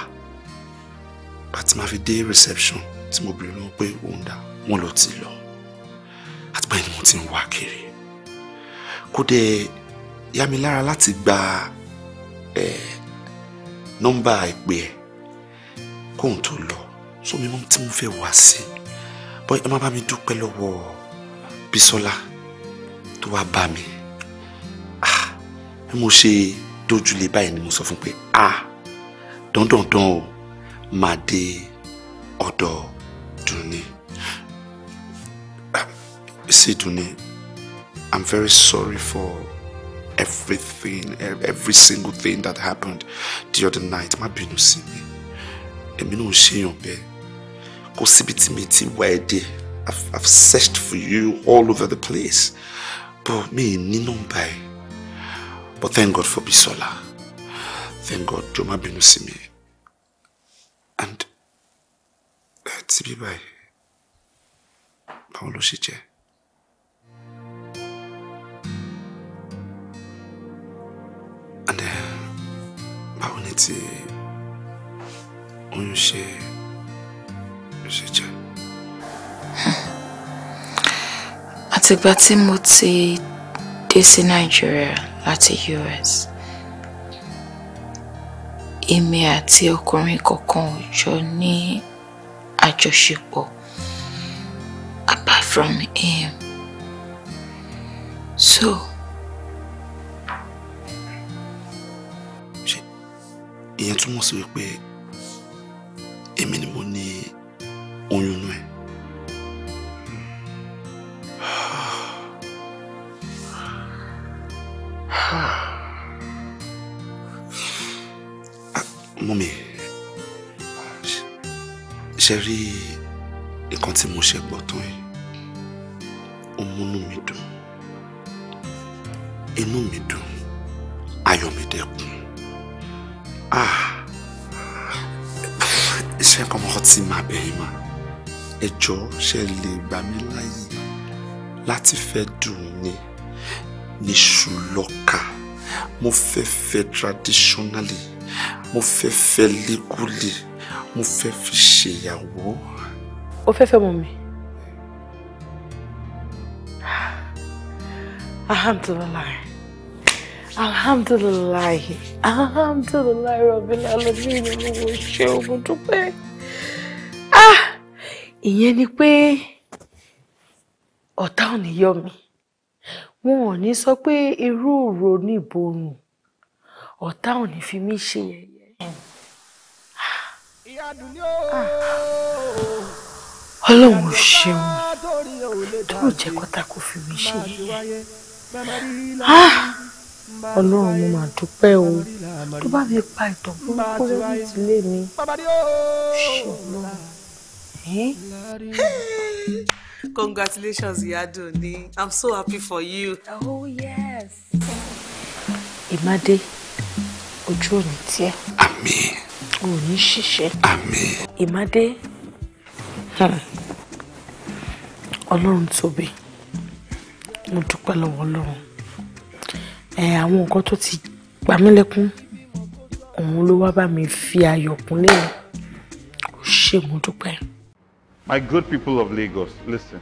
bàtí máa fi dé reception tí mo bèrè lọ́wọ́ pé òun dà wọ́n lọ ti lọ àtìgbà yìí ni ti ń wá kiri kó yá mi lára láti gba ẹ nọ́mbà ìpè ẹ kóhun tó lọ sọ mi mọ tí mo fẹ́ wá sí bọ́ ẹ má bá mi dúpẹ́ lọ́wọ́ Bísọ́lá tó wá bá mi ah, bí mo ṣe dojúlé báyìí ni mo sọ fún pé ah dandandan o máa dé ọ̀dọ̀ Dunni sí Dunni I'm very sorry for everything every single thing that happened the other night má bínú sí mi èmi náà ṣèyàn bẹ́ẹ̀ kò síbi I've searched for you all over the place but me, ní nọ́mbà but thank God for Bisola thank God jọ̀ọ́ má bínú sí and eh, tibi bí báyìí báwo and then eh, báwo ni ti oyún ṣe ṣe jẹ́. *sighs* àtìgbà tí mo ti dé sí Nàìjíríà US èmi àti ọkùnrin kankan ò jọ ní àjọṣepọ̀ apart from him so. ìyẹn túmọ̀ sí wípé èmi ni mo ní oyún inú ẹ̀. mọ́mí ṣe rí nǹkan tí mo ṣe gbọ́ tán yìí ó múnú mi dùn inú mi dùn ayọ̀ mi dẹ̀ kún iṣẹ́ ah. kọ̀ọ̀kan ti máa bẹ̀yìn mà ẹ jọ̀ọ́ ṣe lè gbà mí láàyè láti fẹ́ dùn ní níṣu lọ́ka mo fẹ́ fẹ́ traditionally mo fẹ́ fẹ́ legally mo fẹ́ fi ṣèyàwó. o fẹ́ fẹ́ mọ mi. Ah. alhamdulilayi. alhamdulilayi alhamdulilayi rọbìnrin alọ́bìnrin ni mo ṣe ogun dúpẹ́ ah ìyẹn ni pé ọ̀tá ò ní yọ wọn ò ní sọ pé irú òrò ní ìborùn ọ̀tá ò ní fi mí ṣe yẹ̀yẹ́. Ah, ọlọ́run ṣeun tó jẹ́ kọ́tà kò fi mí ṣe ọlọ́run mo mà dúpẹ́ o tó bá fi pa ìtàn burúkú lórí ìdílé mi ṣùgbọ́n. Congratulations, Yadoni. I'm so happy for you. Oh, yes. Ìmádé, ojú ò ní tiẹ̀. Àmín. Ò ní ṣiṣẹ́. Àmín. Ìmádé, Ọlọ́run tóbi, mo dúpẹ́ lọ́wọ́ Ọlọ́run àwọn nǹkan tó ti pa mí lẹ́kún òun ló wá bá mi fi ayọ̀ kúnlẹ̀ ó ṣe mo dúpẹ́. My good people of Lagos, listen.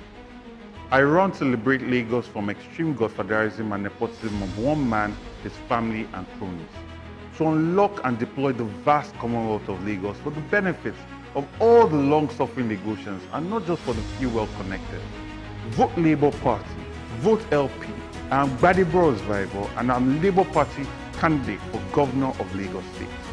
I run to liberate Lagos from extreme godfatherism and nepotism of one man, his family, and cronies. To unlock and deploy the vast Commonwealth of Lagos for the benefit of all the long-suffering Lagosians and not just for the few well-connected. Vote Labour Party, vote LP, I'm Buddy Bros Bible and I'm Labour Party candidate for Governor of Lagos State.